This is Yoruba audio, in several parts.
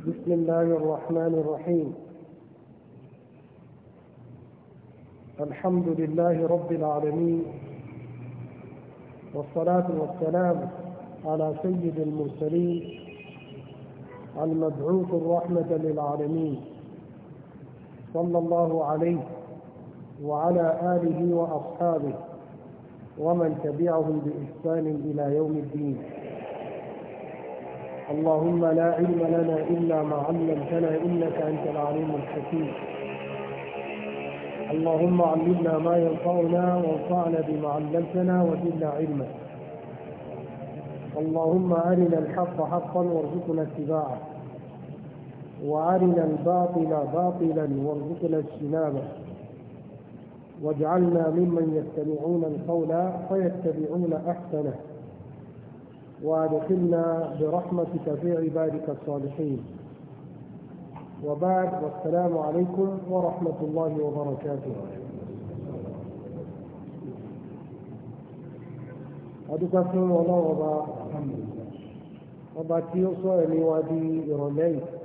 بسم الله الرحمن الرحيم الحمد لله رب العالمين والصلاة والسلام على سيد المرسلين المبعوث الرحمة للعالمين صلى الله عليه وعلى آله وأصحابه ومن تبعهم بإحسان إلى يوم الدين اللهم لا علم لنا إلا ما علمتنا إنك أنت العليم الحكيم اللهم علمنا ما ينفعنا وانفعنا بما علمتنا وزدنا علما اللهم أرنا الحق حقا وارزقنا اتباعه وأرنا الباطل باطلا وارزقنا اجتنابه واجعلنا ممن يستمعون القول فيتبعون احسنه وادخلنا برحمتك في عبادك الصالحين وبعد والسلام عليكم ورحمه الله وبركاته adúgbà الله ọlọ́run ọba ọba tí وادي sọ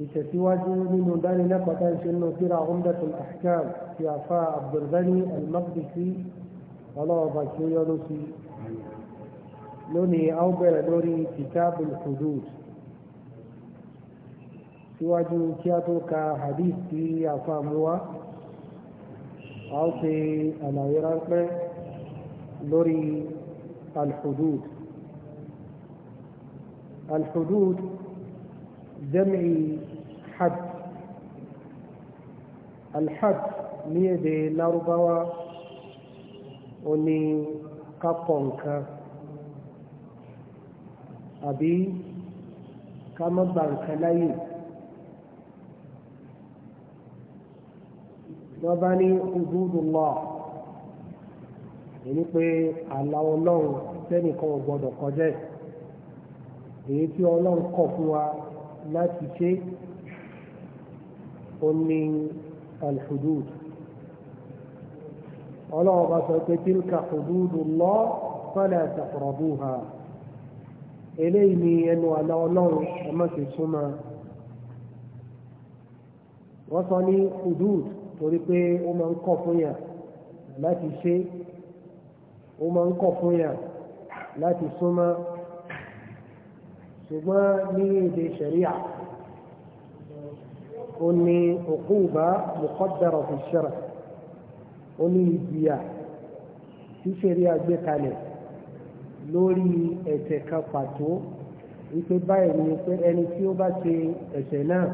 ìtẹ̀síwájú nínú dánilẹ́kọ̀ọ́ tá ìṣe nínú síra Umdatul Ahkam ti àfa Abdulghani al-Maqdisi ọlọ́ọ̀bà tí ó yọ́nú sí lónìí a ó bẹ̀rẹ̀ lórí kitabul hudud síwájú kí hudud جمع حد الحد ní èdè lárúbáwá ó ní kápọ̀ nǹkan àbí ká má ba nǹkan láyè wọ́n bá ní hududullah èyí pé àlà ọlọ́run sẹ́nìkan ò gbọ́dọ̀ kọjá èyí tí ọlọ́run kọ̀ fún wa láti ṣe ó ní alhudud ọlọ́run bá sọ pé tilka hududullah fala taqrabuha eléyìí ni ẹnu àlá ọlọ́run ẹ má ṣe súnmọ́ wọ́n sọ ní hudud torí pé ó máa ń kọ̀ fún yà láti ṣe ó máa ń kọ̀ fún yà láti súnmọ́ ṣùgbọ́n ní èdè ṣẹ̀ríà ó ní òkúùbá muqaddara fi ṣẹ̀rà ó ní ìjìyà tí ṣẹ̀ríà gbé kalẹ̀ lórí ẹ̀ṣẹ̀ kan pàtó wípé báyìí ni pé ẹni tí ó bá ṣe ẹ̀ṣẹ̀ náà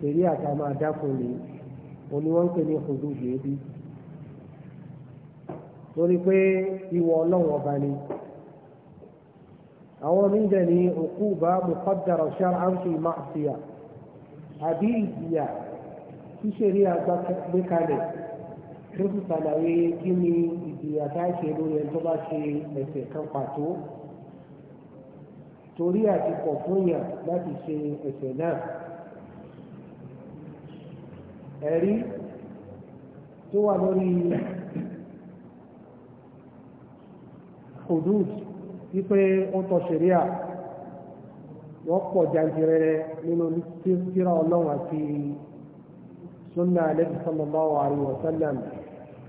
ṣẹ̀ríà ta máa dákun lè òní wọ́n ń pè ní hudud yìí torí pé ìwọ ọlọ́run ọba ni àwọn onídẹ̀ ní òkú bá muqaddara shar'an fi ma'siya àbí ìjìyà ṣíṣeré àgbàgbé kalẹ̀ tó sì ṣàlàyé kí ni ìjìyà tá a ṣe lórí ẹni tó bá ṣe ẹ̀ṣẹ̀ kan pàtó torí àti pọ̀ fún yàn láti ṣe ẹ̀ṣẹ̀ náà ẹ̀rí tó wà lórí hudud wípé ó tọ́ ṣẹ̀ríà wọ́n pọ̀ jantirẹrẹ nínú tírà ọlọ́run àti sunna alẹ́bí sallallahu sallam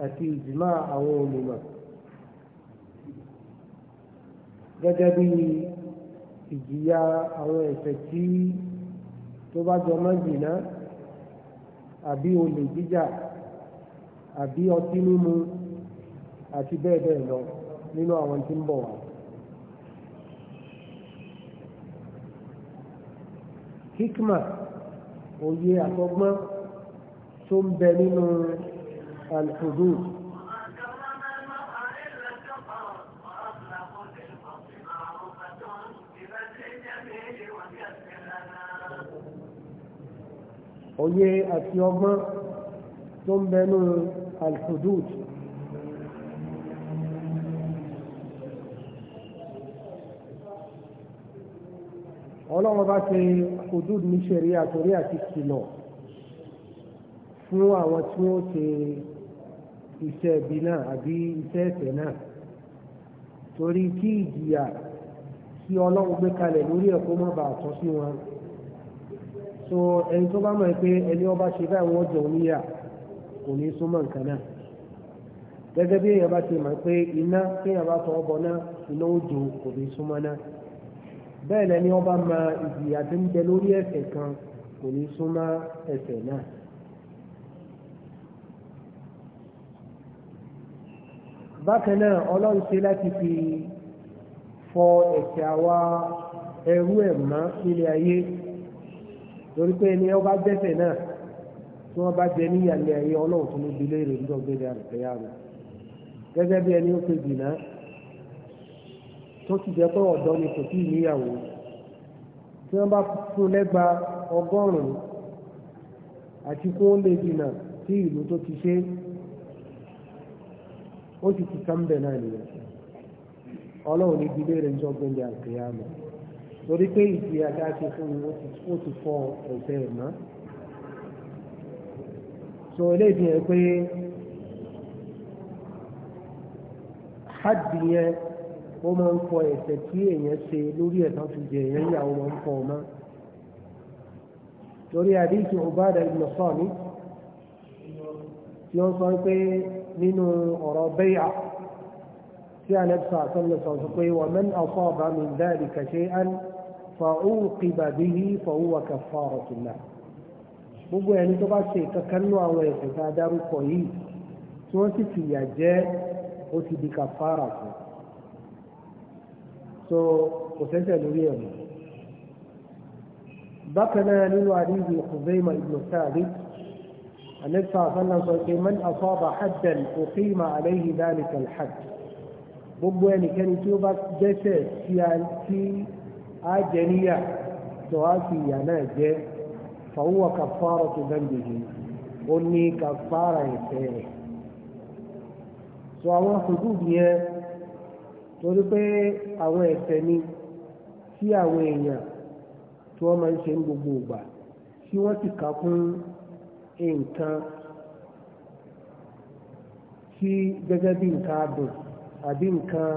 àti ìjìmá àwọn olùmọ̀ gẹ́gẹ́ bí ìjìyà àwọn ẹ̀ṣẹ̀ tí tó bá jọ mọ́ abi àbí olè jíjà àbí ọtí mímu àti bẹ́ẹ̀ bẹ́ẹ̀ lọ nínú àwọn hikma òye àtọgbọ́n tó ń bẹ nínú alhudud òye àti ọgbọ́n tó ń bẹ nínú alhudud ọlọ́run bá ṣe hudud ní ṣẹ̀rí àtòrí àti kìlọ̀ fún àwọn tí wọ́n ṣe iṣẹ́ ibi náà àbí iṣẹ́ ẹ̀ṣẹ̀ náà torí kí ìjìyà tí ọlọ́run gbé kalẹ̀ lórí ẹ̀kọ́ má bàa tọ́ sí wọn so ẹni tó bá mọ̀ pé ẹni ọba ṣe báyìí wọ́n jọ níyà kò ní súnmọ́ nǹkan náà gẹ́gẹ́ bí èèyàn bá ti mọ̀ pé iná tí bá tọ́ ọ náà iná ó jò kò ní súnmọ́ náà bẹ́ẹ̀ lẹ́ni ọba ma ìjìyà tó ń jẹ lórí ẹ̀ṣẹ̀ kan kò ní súnmọ́ ẹ̀ṣẹ̀ náà. bákan náà ọlọ́run ṣe láti fi fọ ẹ̀ṣẹ̀ àwa ẹrú ẹ̀ mọ́ nílé ayé torí pé ẹni ọba dẹ́ṣẹ̀ náà tí wọ́n bá jẹ níyàlẹ̀ ayé ọlọ́run tó ní bilé rẹ̀ nígbàgbé rẹ̀ àlùfẹ́yà rẹ̀ gẹ́gẹ́ bí ẹni ó pe jìnnà tó ti jẹ́ pé ọ̀dọ́ ni kò tíì níyàwó tí wọ́n bá fún lẹ́gba ọgọ́rùn-ún àti kó lè dìnà sí ìlú tó ti ṣe ó ti kánbẹ̀ náà nìyẹn ọlọ́run ní ìdílé rẹ̀ ń jọ gbẹ̀ngẹ̀ torí pé ìdí ti fọ so eléyìí yẹn pé hajj yẹn ó máa ń fọ ẹ̀ṣẹ̀ tí èèyàn ṣe lórí ẹ̀tàn ti jẹ èèyàn ìyàwó máa ń fọ ọmọ lórí àdéhùn Ubadah ibn Samit tí wọ́n sọ pé nínú ọ̀rọ̀ bẹ́yà tí a lẹ́bùsà àtọ́lẹ̀ sọ pé wa man asaba min dhalika shay'an fa uqiba bihi fa huwa kaffaratun lahu gbogbo ẹni tó bá ṣe kankan nú àwọn ẹ̀ṣẹ̀ tá a dárúkọ yìí tí wọ́n sì fìyà jẹ ó ti di kàfàrà fún so kò sẹ́sẹ̀ lórí ẹ̀rù bákan náà nínú àdíjì Khuzaimah ibn Thabit anẹ́sà sọ́nà sọ pé man asaba haddan uqima alayhi dhalika al-hadd gbogbo ẹnikẹ́ni tí ó bá jẹ́sẹ̀ tí a ti á jẹ tó á fi yà náà jẹ fa huwa kaffaratu dhanbihi ó ní kàfàrà ẹ̀ṣẹ̀ rẹ̀ so àwọn hudud torí pé àwọn ẹ̀ṣẹ̀ ni tí àwọn èèyàn tí wọ́n máa ń ṣe ní gbogbo ìgbà tí wọ́n ti kà kún nǹkan tí gẹ́gẹ́ bí nǹkan adùn àbí nǹkan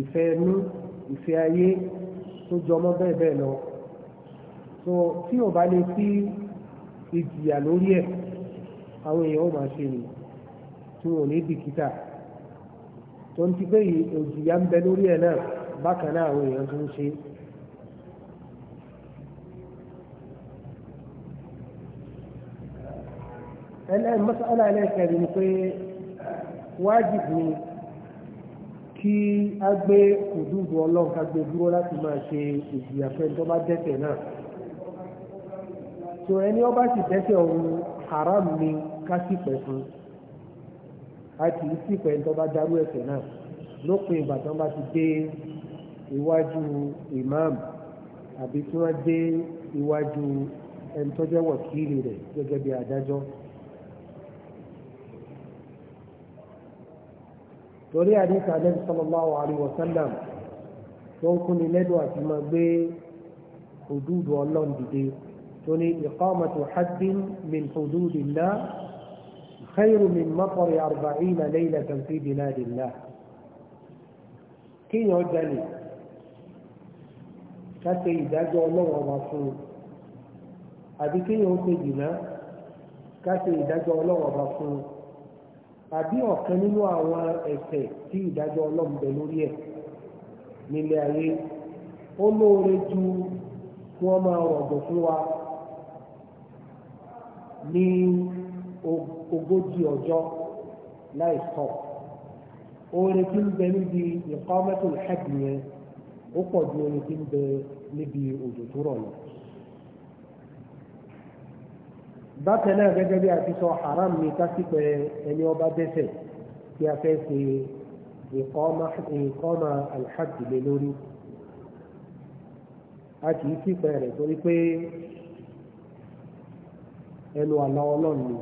ìfẹ́ inú ìfẹ́ ayé tó jọmọ́ bẹ́ẹ̀ bẹ́ẹ̀ lọ so tí ò bá lè sí ìjìyà lórí ẹ̀ àwọn èèyàn ó máa ṣe nì tí wọn ò ní bìkítà tó ń ti pé òjìyà ń bẹ lórí ẹ̀ náà bákan náà àwọn èèyàn tó ń ṣe. المسألة عليك بنقي واجب ni kí a gbé òdúdú ọlọ́run ká gbé dúró láti máa ṣe ìjìyà fẹ́ tó bá dẹ́ṣẹ̀ náà tó ẹni ó bá sì dẹ́ṣẹ̀ ohun haram ni ká sì pẹ̀ fún un a kì í sì pẹ̀lú tó bá darú ẹ̀ṣẹ̀ náà lópin ìgbà tí wọ́n bá ti dé iwájú imam àbí tí wọ́n dé iwájú ẹni tó jẹ́ wọ̀kìlì rẹ̀ gẹ́gẹ́ bí adájọ́. torí àdìsí ànábì sallallahu alaihi wa sallam tó ń kúni lẹ́dọ̀ àti máa gbé òdúdú ọlọ́run dìde tó ní iqamatu haddin min hududillah. خير من مطر أربعين ليلة في بلاد الله kí yàn jalè káṣe ìdájọ́ ọlọ́run ọba fún un àbí kí yàn ṣe jìnnà káṣe ìdájọ́ ọlọ́run ọba fún un àbí ọ̀kan nínú àwọn ẹ̀ṣẹ̀ tí ìdájọ́ ọlọ́run bẹ lórí ẹ̀ nílé ayé ó lóore ju kí wọ́n máa rọ̀gbọ̀ fún wa ní ogójì ọjọ́ láì sọ oore tí ń bẹ níbi ìkọ́mẹ́tò ìhẹ́bì yẹn ó pọ̀ ju oore tí ń bẹ níbi òjò tó rọ̀ lọ. bákan náà gẹ́gẹ́ bí a ti sọ haram ni kásìpẹ́ ẹni ọba dẹ́sẹ̀ tí a fẹ́ ṣe ìkọ́mà alhajj lé lórí a kì í sípẹ́ rẹ̀ torí pé ẹnu àlá ọlọ́run ni.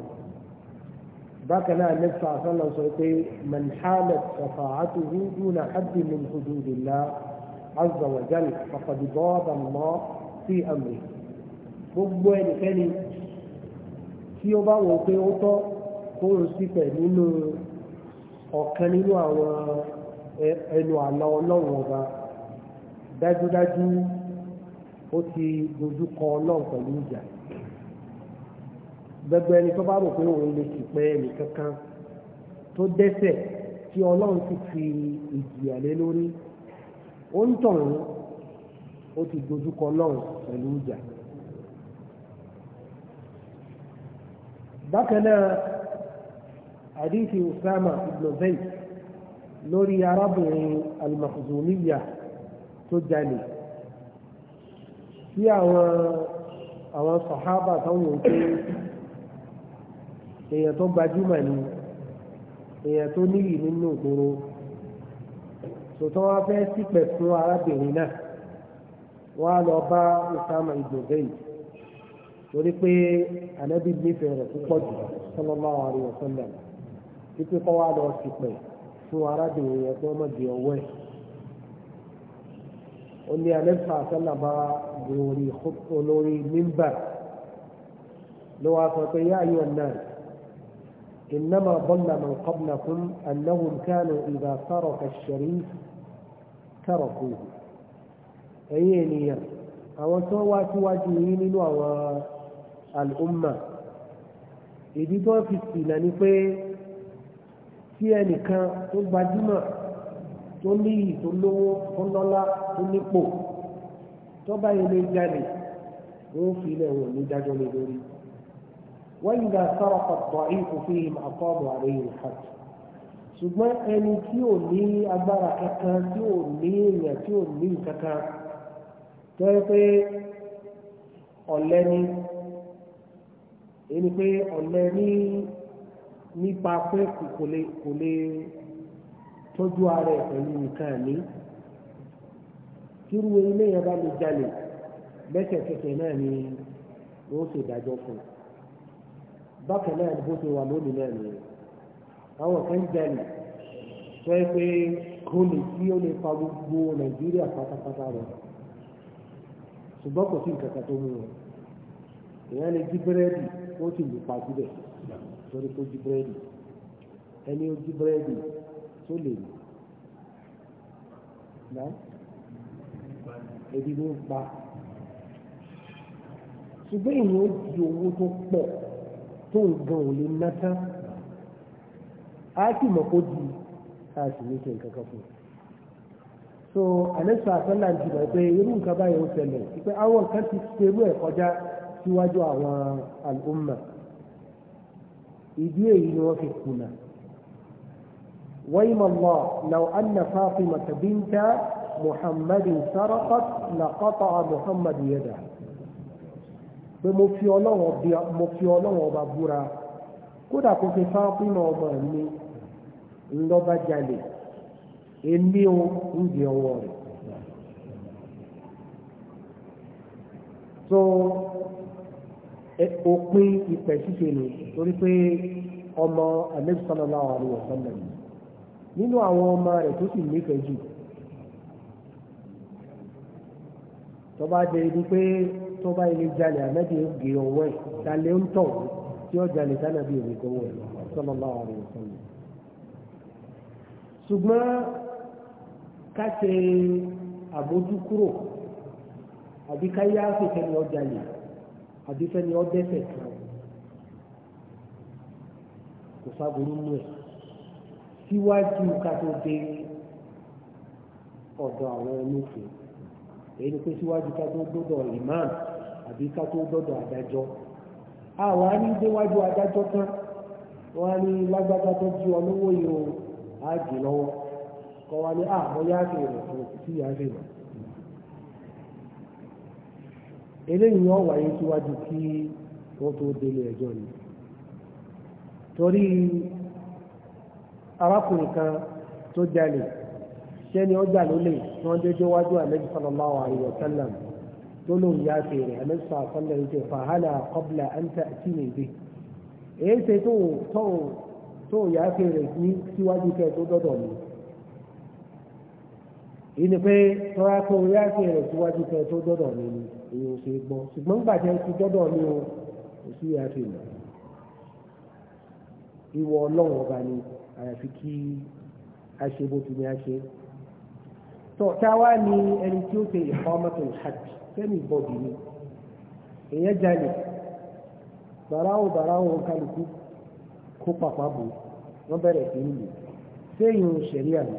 بكنا náà nẹ́fà sọ́nà sọ pé man halat shafa'atuhu duna haddi min hududillah azza wa jal faqad ghaba Allah fi amri gbogbo ẹnikẹ́ni tí ó bá wọ pé ó tọ́ kó o sí pẹ̀ nínú ọ̀kan nínú àwọn ẹnu àlọ́ ọlọ́run ọba dájúdájú ó ti dojú kọ ọlọ́run pẹ̀lú ìjà yìí gbẹgbẹ ẹni tó bá rò pé òun lè sì pẹ́ ẹnì kankan tó dẹ́ṣẹ̀ tí ọlọ́run ti fi ìjìyà lé lórí ó ń tọ̀run ó ti dojúkọ ọlọ́run pẹ̀lú ìjà. bákan náà àdìsí Usama ibn lórí arábìnrin al tó jalè sí àwọn àwọn sàhábà táwọn ò pé èèyàn tó gbajúmọ̀ ni èèyàn tó níyì nínú ìgboro sòtọ́ wá fẹ́ sípẹ̀ fún arábìnrin náà wọ́n á lọ bá Usama ibùdókè torí pé ànábì nífẹ̀ẹ́ rẹ̀ púpọ̀ jù sallallahu alaihi wasallam títí kọ́ wá lọ sípẹ̀ fún arábìnrin yẹn kí mọ̀ di ọwọ́ ẹ̀ ó ní alẹ́fà sálábà lórí mímbà ló wá sọ pé yá ayọ̀ náà إنما ظن من قبلكم أنهم كانوا إذا ترك الشريف تركوه أي نية أو سوات واجهين وهو الأمة إذا توفي لنفي في أنك تلبى جمع تلي تلو تلو تلو تلو تلو تلو تلو تلو تلو تلو وإذا سرق الضعيف فيهم أصابوا عليه الحد ṣùgbọ́n ẹni tí ò ní agbára kankan tí ò ní èèyàn tí ò ní kankan tó yẹ pé ọ̀lẹ ni ẹni pé ọ̀lẹ ní nípa pé kò lè tọ́jú ara ẹ̀ pẹ̀lú nǹkan ní kíru ilé yẹn bá lè jalè lẹ́sẹ̀kẹsẹ̀ náà ni wọ́n ṣèdájọ́ fún un bákan náà bó ṣe wà lónìí náà nìyẹn àwọn kan jalè fẹ́ pé kóni tí ó lè fa gbogbo nàìjíríà pátápátá rẹ ṣùgbọ́n kò sí nǹkan kan tó mú wọn èèyàn lè jí búrẹ́dì ó sì lè pa síbẹ̀ torí kó jí búrẹ́dì ẹni ó jí búrẹ́dì tó lè lò náà ebi ló ń pa ṣùgbọ́n èèyàn ó di owó tó pọ̀. tó nǹkan ò lè ná tán á sì mọ̀ kó di a sì ní ṣe nǹkan kan fún un so àlẹ́sọ àtọ́là ń jìbọ̀ pé irú nǹkan báyìí ó ṣẹlẹ̀ pé àwọn kan ti ṣerú ẹ̀ kọjá síwájú àwọn al'umma ìdí èyí ni wọ́n fi kùnà wayma Allah law anna Fatima binta Muhammadin sarqat laqata'a Muhammad yadahu pé mo fi ọlọ́run ọba búra kódà kò fi fáfínà ọmọ mi ńlọ́ba jalè èmi ò ń di ọwọ́ rẹ̀. so òpin ìpè ṣíṣe ni torí pé ọmọ alẹ́sọ̀lọ́lá àwọn ọ̀sánlẹ̀ mi nínú àwọn ọmọ rẹ̀ tó sì nífẹ̀ẹ́ jù tó bá jẹ́ ibi pé tó bá ilé jalè ànábì ń gé ọwọ́ ẹ̀ jalè ń tọ̀ tí ó jalè sànàbì òní gbowó ẹ̀ sallallahu alaihi wasallam. ṣùgbọ́n ká ṣe àbójúkúrò àbí ká yá fẹ́fẹ́ ni ọ jalè àbí fẹ́ ni ọ dẹ́ṣẹ̀ kan kò sábòrò mú ẹ̀ síwájú ká dé ọ̀dọ̀ àwọn olófin èyí ni pé síwájú ká tó gbọ́dọ̀ imam àbí ká tó dọ́dọ̀ adájọ́ àwa ní adájọ́ tán wọ́n á ní lágbájá tó ju ọlọ́wọ́ yìí o á jì lọ́wọ́ kọ́ wa ní àmọ́ yáàfin rẹ̀ fún sí yáàfin rẹ̀ eléyìí wọ́n wáyé síwájú kí wọ́n tó délé ẹjọ́ ni torí arákùnrin kan tó jalè lólè tí wọ́n tó lóun ya fi rẹ̀ alẹ́sọ̀ àkọlẹ̀ ń tẹ fàhálà kọ́bla ń tẹ àti nìgbè èyí ṣe tó ya fi rẹ̀ ní síwájú kẹ tó dọ́dọ̀ mi ìní pé tọ́ra tó ya fi rẹ̀ síwájú kẹ tó dọ́dọ̀ mi ni èyí ò ṣe gbọ́ ṣùgbọ́n gbàjẹ́ ti dọ́dọ̀ mi o kò sí ya fi rẹ̀ ìwọ ọba ni àyàfi kí a ṣe bó ti ní a ṣe. tọ́ táwa ni ẹni tí ó ṣe ìfọ́mọ́tò hajj fẹ́mi bọ̀dì ni èèyàn jalè bàráwò bàráwò kálukú kó pàpà bò wọ́n bẹ̀rẹ̀ sí ní lò séyìn òṣèré àná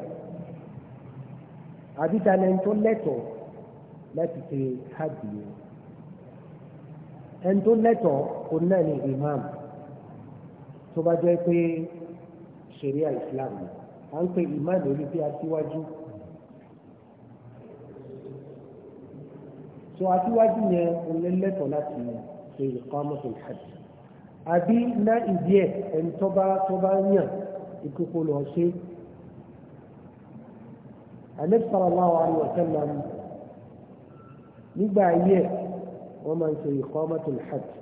àbítalẹ̀ tó lẹ́tọ̀ọ́ láti ṣe háàbì yẹn ẹni tó lẹ́tọ̀ọ́ kò náà ní imam tó bá jẹ́ pé ṣẹ̀ríà islam à ń pè imam lórí bí aṣíwájú. so àtiwájú yẹn olólẹ́tọ̀ láti ṣe ìkọ́mọ́tò ìhàjì àbí ná ìdí ẹ̀ ẹni tó bá tó bá yàn ìkókó lọ ṣe Ànábì sallallahu alaihi wa sallam nígbà ayé wọ́n máa ń ṣe ìkọ́mọ́tò ìhàjì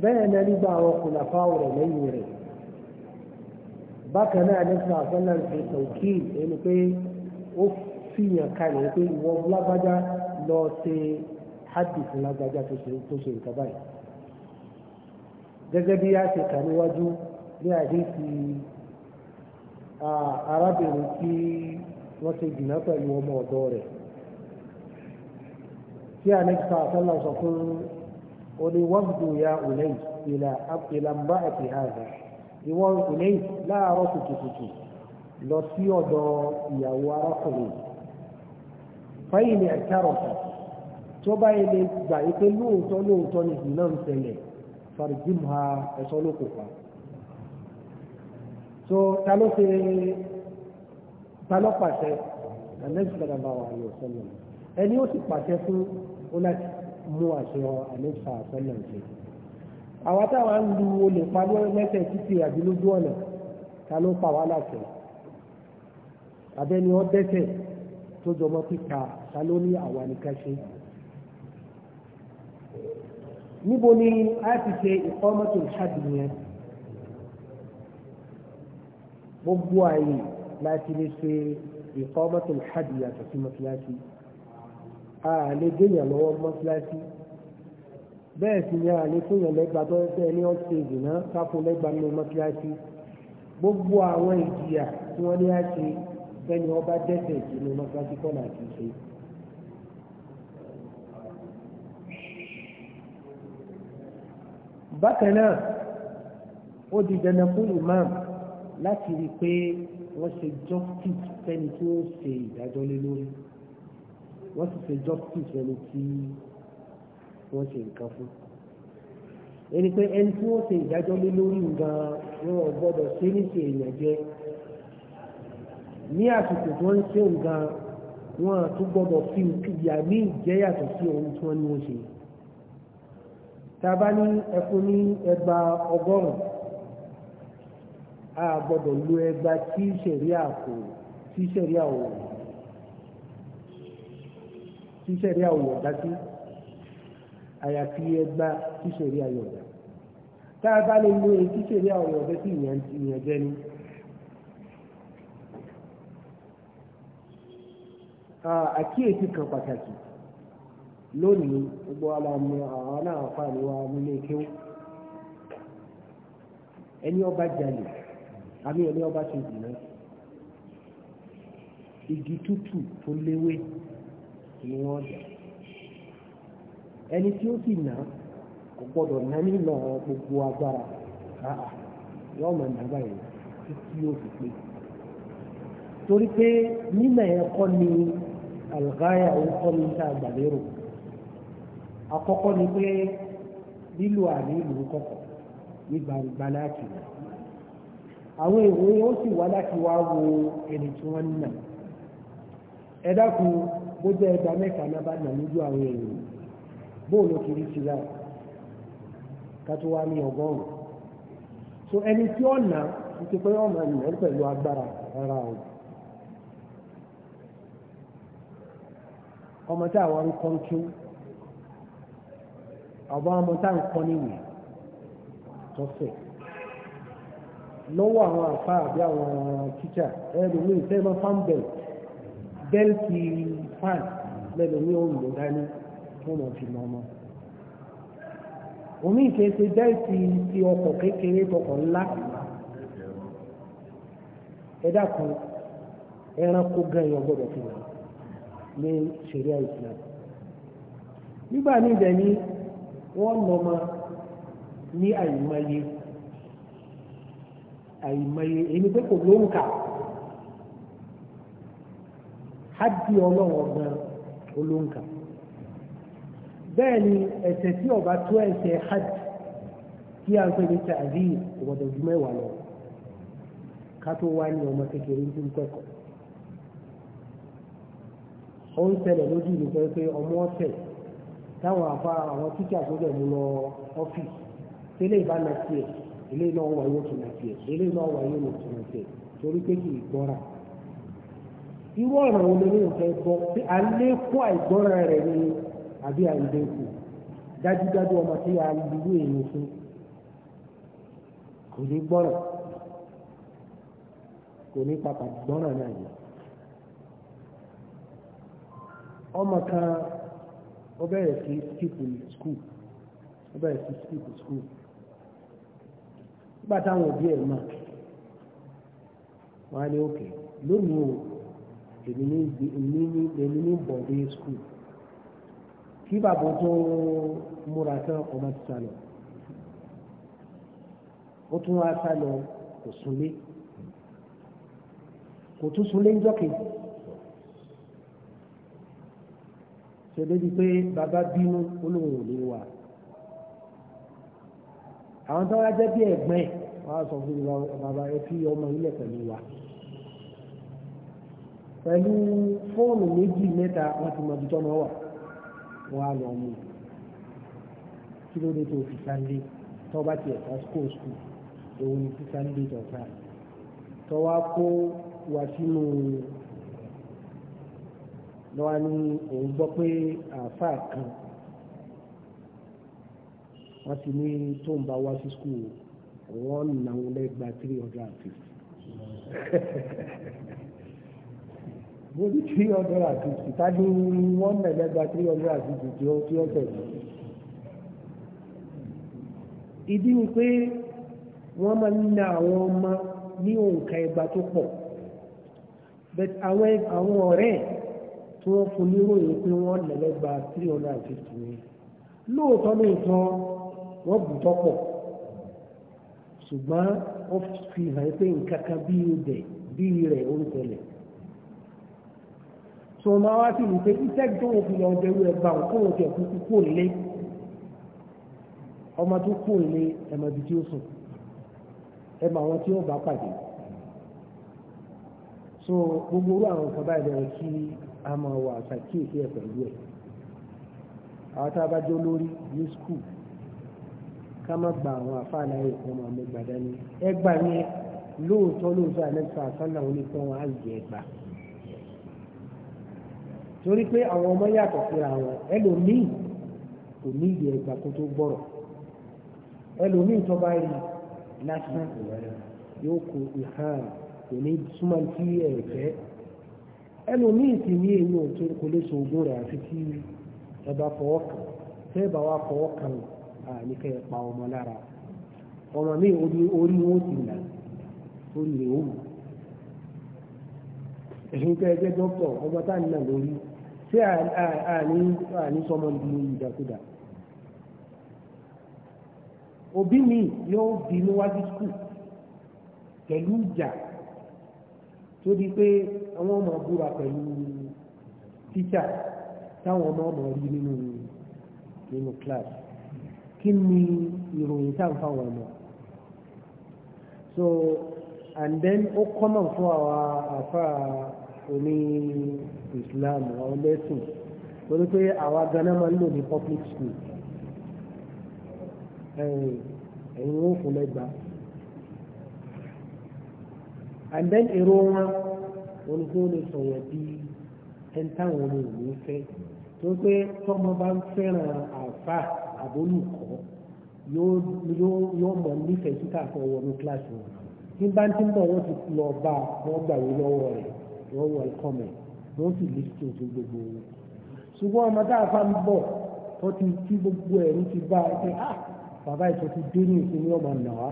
bẹ́ẹ̀ náà nígbà àwọn kùnàfà rẹ̀ lẹ́yìn rẹ̀ bákan náà Ànábì ṣe tòkí ẹni pé ó fìyàn kalẹ̀ pé ìwọ lágbájá lọ ṣe hajj fún lágbájá tó ṣe nǹkan báyìí gẹ́gẹ́ bí a ṣe kà níwájú ní àdéhùn arábìnrin tí wọ́n ṣe jìnnà pẹ̀lú ọmọ ọ̀dọ́ rẹ̀ tí a ní ká àtọ́lá sọ fún oní wọ́gbù ya ulẹ́yì ìlà ìlàmbá àti àgbà ìwọ́n ulẹ́yì láàárọ̀ kùtùkùtù lọ sí ọ̀dọ̀ ìyàwó arákùnrin yìí fáyìn ní àkàrọ̀tà tó bá yẹ lè gbà yí pé lóòótọ́ lóòótọ́ ni ìdùnnà ń ṣẹlẹ̀ fàrìjìm ha ẹ̀ṣọ́ ló kò pa. tó ta ló ṣe ta ló pàṣẹ ànẹ́sì sàlámà wà ní ọ̀sẹ̀lẹ̀ ẹni ó sì pàṣẹ fún ó láti mú àṣẹ ànẹ́sì sàlámà ṣe. àwa táwa lu olè pa lẹ́sẹ̀ títí àbí lójú ọ̀nà ta ló pa wá láṣẹ àbẹ́ni ó dẹ́sẹ̀ tó jọmọ́ pípa ta ló ní àwa nìkan ṣe níbo ni a ti ṣe ìkọ́mọ́tò ìṣáàdì yẹn gbogbo ààyè láti lè ṣe ìkọ́mọ́tò ìṣáàdì yàtọ̀ sí mọ́síláṣí a lè gbéyàn lọ́wọ́ mọ́síláṣí bẹ́ẹ̀ sì ni a lè fúnyàn lẹ́gba tó ẹgbẹ́ ní ọ́sẹ̀ ìdìná káfún lẹ́gba nínú mọ́síláṣí gbogbo àwọn ìjìyà tí wọ́n ní á ṣe sẹ́ni ọba dẹ́sẹ̀ ìsinmi mọ́sáàsì kọ́nà àti ìṣe. bákan náà ó di dandan fún imam láti rí i pé wọ́n ṣe justice fẹ́ni tí ó ṣe ìdájọ́ lé lórí wọ́n sì ṣe justice fẹ́ni tí wọ́n ṣe nǹkan fún ẹni pé ẹni tí wọ́n ṣe ìdájọ́ lé lórí nǹkan wọn ò gbọ́dọ̀ ṣe ní ṣe èèyàn jẹ́ ní àsìkò tí wọ́n ń ṣe nǹkan wọn tún gbọ́dọ̀ fi ìyà ní ìjẹ́ yàtọ̀ sí ohun tí wọ́n ní wọ́n tàbá ní ẹkùn ní ẹgba ọgọ́rùn a gbọ́dọ̀ lo ẹgba tí ṣẹ̀ríà kò tí ṣẹ̀ríà ò tí ṣẹ̀ríà ò yọ̀dá sí àyàfi ẹgba tí ṣẹ̀ríà yọ̀dá tàbá lè lo èyí tí ṣẹ̀ríà ò yọ̀dá sí ìyẹn jẹ́ ni. àkíyèsí kan pàtàkì lónìí gbogbo aláàmú àwọn náà fàánù wa nílé kéwù ẹni ọba jalè àmì ẹni ọba ṣe jìnnà igi tútù tó léwé ni wọ́n ẹni tí ó sì nà kò gbọ́dọ̀ ná nílò gbogbo agbára àà yóò máa nà báyìí títí ó fi pé torí pé ẹ̀kọ́ ni. àlùkáyà orúkọ ní tá a gbà lérò àkọ́kọ́ ni pé lílo àní ìlú kọ̀kọ̀ ní gbangba láti rẹ̀ àwọn ìwé ó sì wá láti wá wo ẹni tí wọ́n nà ẹ dákun bó jẹ́ ẹgbàá mẹ́ta náà bá nà lójú àwọn èèyàn bóòlù kiri ti rà kátó wá ní ọgọ́rùn-ún so ẹni tí ó nà ń ti pé ọmọ ìlú pẹ̀lú agbára ara ọ̀hún. ọmọ tí àwọn ń kọ́ ń kí ọba ọmọ tá ń kọ́ níwì tọ́sẹ̀ lọ́wọ́ àwọn àfa àbí àwọn tíṣà ẹ̀rù mi ìfẹ́ máa fan belt bẹ́ẹ̀tì fan lẹ́nu ní òun ló dání tó wọ́n fi mọ́ ọmọ omi ìkẹsẹ bẹ́ẹ̀tì ti ọkọ̀ kékeré tọkọ̀ ńlá ẹ̀dá kan ẹranko gan yọ gbọ́dọ̀ fi wà ní ṣẹ̀ríà Islam nígbà ní ibẹ̀ ni wọ́n lọ́mọ ní àìmọye àìmọye èyí pé kò lóǹkà hádìí ọlọ́wọ́ gan olóǹkà bẹ́ẹ̀ ni ẹ̀ṣẹ̀ tí ọba tó ẹ̀ṣẹ̀ hádìí tí a ń pè ní tàbí ọ̀gbọ̀dọ̀ jùmọ̀ lọ ká tó wá ní ọmọ kékeré tó ń kẹ́kọ̀ọ́ ó ń ṣẹlẹ̀ lójú ìlú pé pé ọmọ ọ̀sẹ̀ táwọn àfa àwọn tíṣà tó dẹ̀ mú lọ ọ́fíìsì tẹ́lẹ̀ ìbá na tiẹ̀ ilé náà wà yóò tún na tiẹ̀ ilé náà wà yóò tún na tiẹ̀ torí pé kì í gbọ́ra. irú ọ̀ràn wo lórí nǹkan ẹ̀kọ́ tí a lé àìgbọ́ra rẹ̀ ni àbí àìdẹ́kù dájúdájú ọmọ tí a lulú èèyàn fún kò ní gbọ́ràn kò ní pàpà gbọ́ràn náà yẹn. ọmọ kan ó bẹ̀rẹ̀ sí skipu skul ó bẹ̀rẹ̀ sí skipu skul nígbà táwọn òbí ẹ̀ mọ̀ wọ́n á ní òkè lónìí o èmi ní èmi ní bọ̀dé skul kí bàbá tó múra tán ọmọ ti sálọ ó tún wá sálọ kò súnlé kò tún súnlé ń jọ́kejì. tẹ̀lébi pé bàbá bínú olóhùn ò lè wà àwọn tó wá jẹ́ bí ẹ̀gbọ́n ẹ̀ wọ́n á sọ fún mi bàbá ẹ fi ọmọ ilẹ̀ pẹ̀lú wa pẹ̀lú fóònù méjì mẹ́ta wọ́n ti mọ ibi tọ́mọ wà wọ́n á lọ mú kí ló dé tó fi sáńdé tó bá tiẹ̀ ká skó skul òun ni fi sáńdé tó ká tó wá kó wá sínú lọ́wọ́ ní òun gbọ́ pé àáfàá kan wọ́n ti ní tó ń bá wá sí skul wọ́n nà ń lẹ́gbàá three hundred and fifty. mo ní three hundred and fifty tájú wọ́n nà lẹ́gbàá three hundred and fifty tí ó tí ó tẹ̀lé. ìdí ni pé wọ́n máa ń na àwọn ọmọ ní òǹkà ẹgbàá tó pọ̀ bẹ́ẹ̀ àwọn ọ̀rẹ́ ẹ̀ tí wọ́n fún níròyìn pé wọ́n lẹ́lẹ́gba three hundred and fifty ni lóòótọ́ ní ìtàn wọ́n bù tọ́pọ̀ ṣùgbọ́n wọ́n fi hàn pé nǹkan kan bí ibẹ̀ bí rẹ̀ ó ń tẹ̀lẹ̀ tó máa wá sí ìlú pé iṣẹ́ tó wọ́n fi lọ bẹ̀rù ẹ̀ bá òkú òkè kúkú kò lé ọmọ tó kò lé ẹ̀mọ̀bí tí ó sùn ẹ̀mọ̀ àwọn tí ó bá pàdé so gbogbo orú àwọn nǹkan báyìí kí a máa wà àṣàkíyèsí ẹ̀ pẹ̀lú ẹ̀ àwọn tá a bá jó lórí ní skul ká má gba àwọn àfáàlà ẹ̀ kan máa mú gbàdá ní ẹgbà yẹn lóòótọ́ lóòótọ́ àlẹ́sà àsánà òní fún wọn á yẹ ẹgbà torí pé àwọn ọmọ yàtọ̀ síra wọn ẹlòmíì kò ní ìyẹ ẹgbà kó tó gbọ́rọ̀ ẹlòmíì tó bá rí lásán yóò kó ìhàn kò ní súnmọ́ sí ẹ̀ẹ́fẹ́. ẹlòmíì sì ní èyí ò tó kò lè sògùn rẹ̀ àti tí ẹ bá kàn tẹ́ ẹ bá wá fọwọ́ kàn ní kẹ́ ẹ pa ọmọ lára ọmọ mi orí orí wọn ti là orí ó wù ọmọ tá sọmọ ní ìdàkudà òbí tó di pé àwọn ọmọ búra pẹ̀lú tíṣà táwọn ọmọ ọmọ rí nínú nínú class kí ni ìròyìn tá à ń so and then ó kọ́mọ̀ fún àwa àfa oní Islam àwọn lẹ́sìn lórí pé àwa ganá máa ń lò ní public school ẹ̀yìn ó fún lẹ́gbàá and then èrò wọn wọn kò lè sọ̀rọ̀ bí ẹni táwọn ọmọ òun ń fẹ́ tó pé tọ́mọ bá ń fẹ́ràn àfà àbólùkọ́ yóò mọ̀ nífẹ̀ẹ́ sí káàkọ́ wọnú kíláàsì wọn tí bá ń tí ń bọ̀ wọ́n ti lọ bá wọ́n gbàwé lọ́wọ́ rẹ̀ wọ́n wọ̀ ẹ̀kọ́mẹ̀ wọ́n sì lè tó tó gbogbo wọn. ṣùgbọ́n ọmọ tá a fa ń bọ̀ tó ti tí gbogbo ẹ̀rú ti bá ẹ pé ah bàbá ìtọ́jú dé ní ìsinmi ọmọ nàá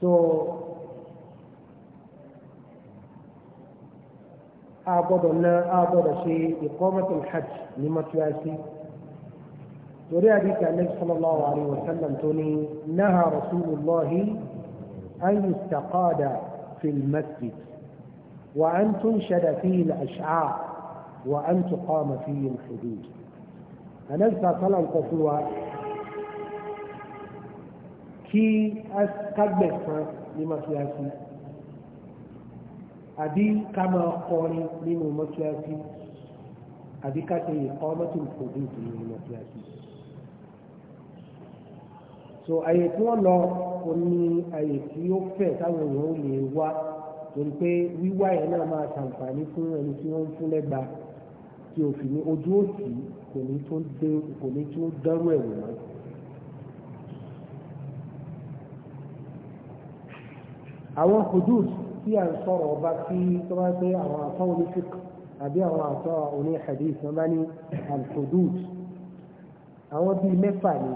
so a gbọ́dọ̀ ná a gbọ́dọ̀ ṣe ìkọ́mọ́tò hajj ní mọ́tíwáṣí torí àdìsí anabi sallallahu alayhi wa sallam tó ní náà rasulullahi an yustaqada في المسجد وأن تنشد فيه الأشعار وأن تقام فيه الحدود أنا أسأل صلى الله kí kágbẹ̀sán ní mọ́ṣíláṣí àbí ká máa kọrin nínú mọ́ṣíláṣí àbí ká ṣe ìkọ́mọ́tò ìfòdúdú nínú mọ́ṣíláṣí. so àyè tí wọ́n lọ kò ní àyè tí ó fẹ̀ táwọn èèyàn ò lè wá torí pé wíwá yẹn náà máa ṣàǹfààní fún ẹni tí wọ́n ń fún lẹ́gba tí òfin ojú òsì kò ní tó dẹrù ẹ̀ wò àwọn hudud tí a ń sọ̀rọ̀ ọba tí tó bá pé àwọn àtọ́ onífik àbí àwọn àtọ́ oní hadith wọn bá ní al-hudud àwọn bíi mẹ́fà ni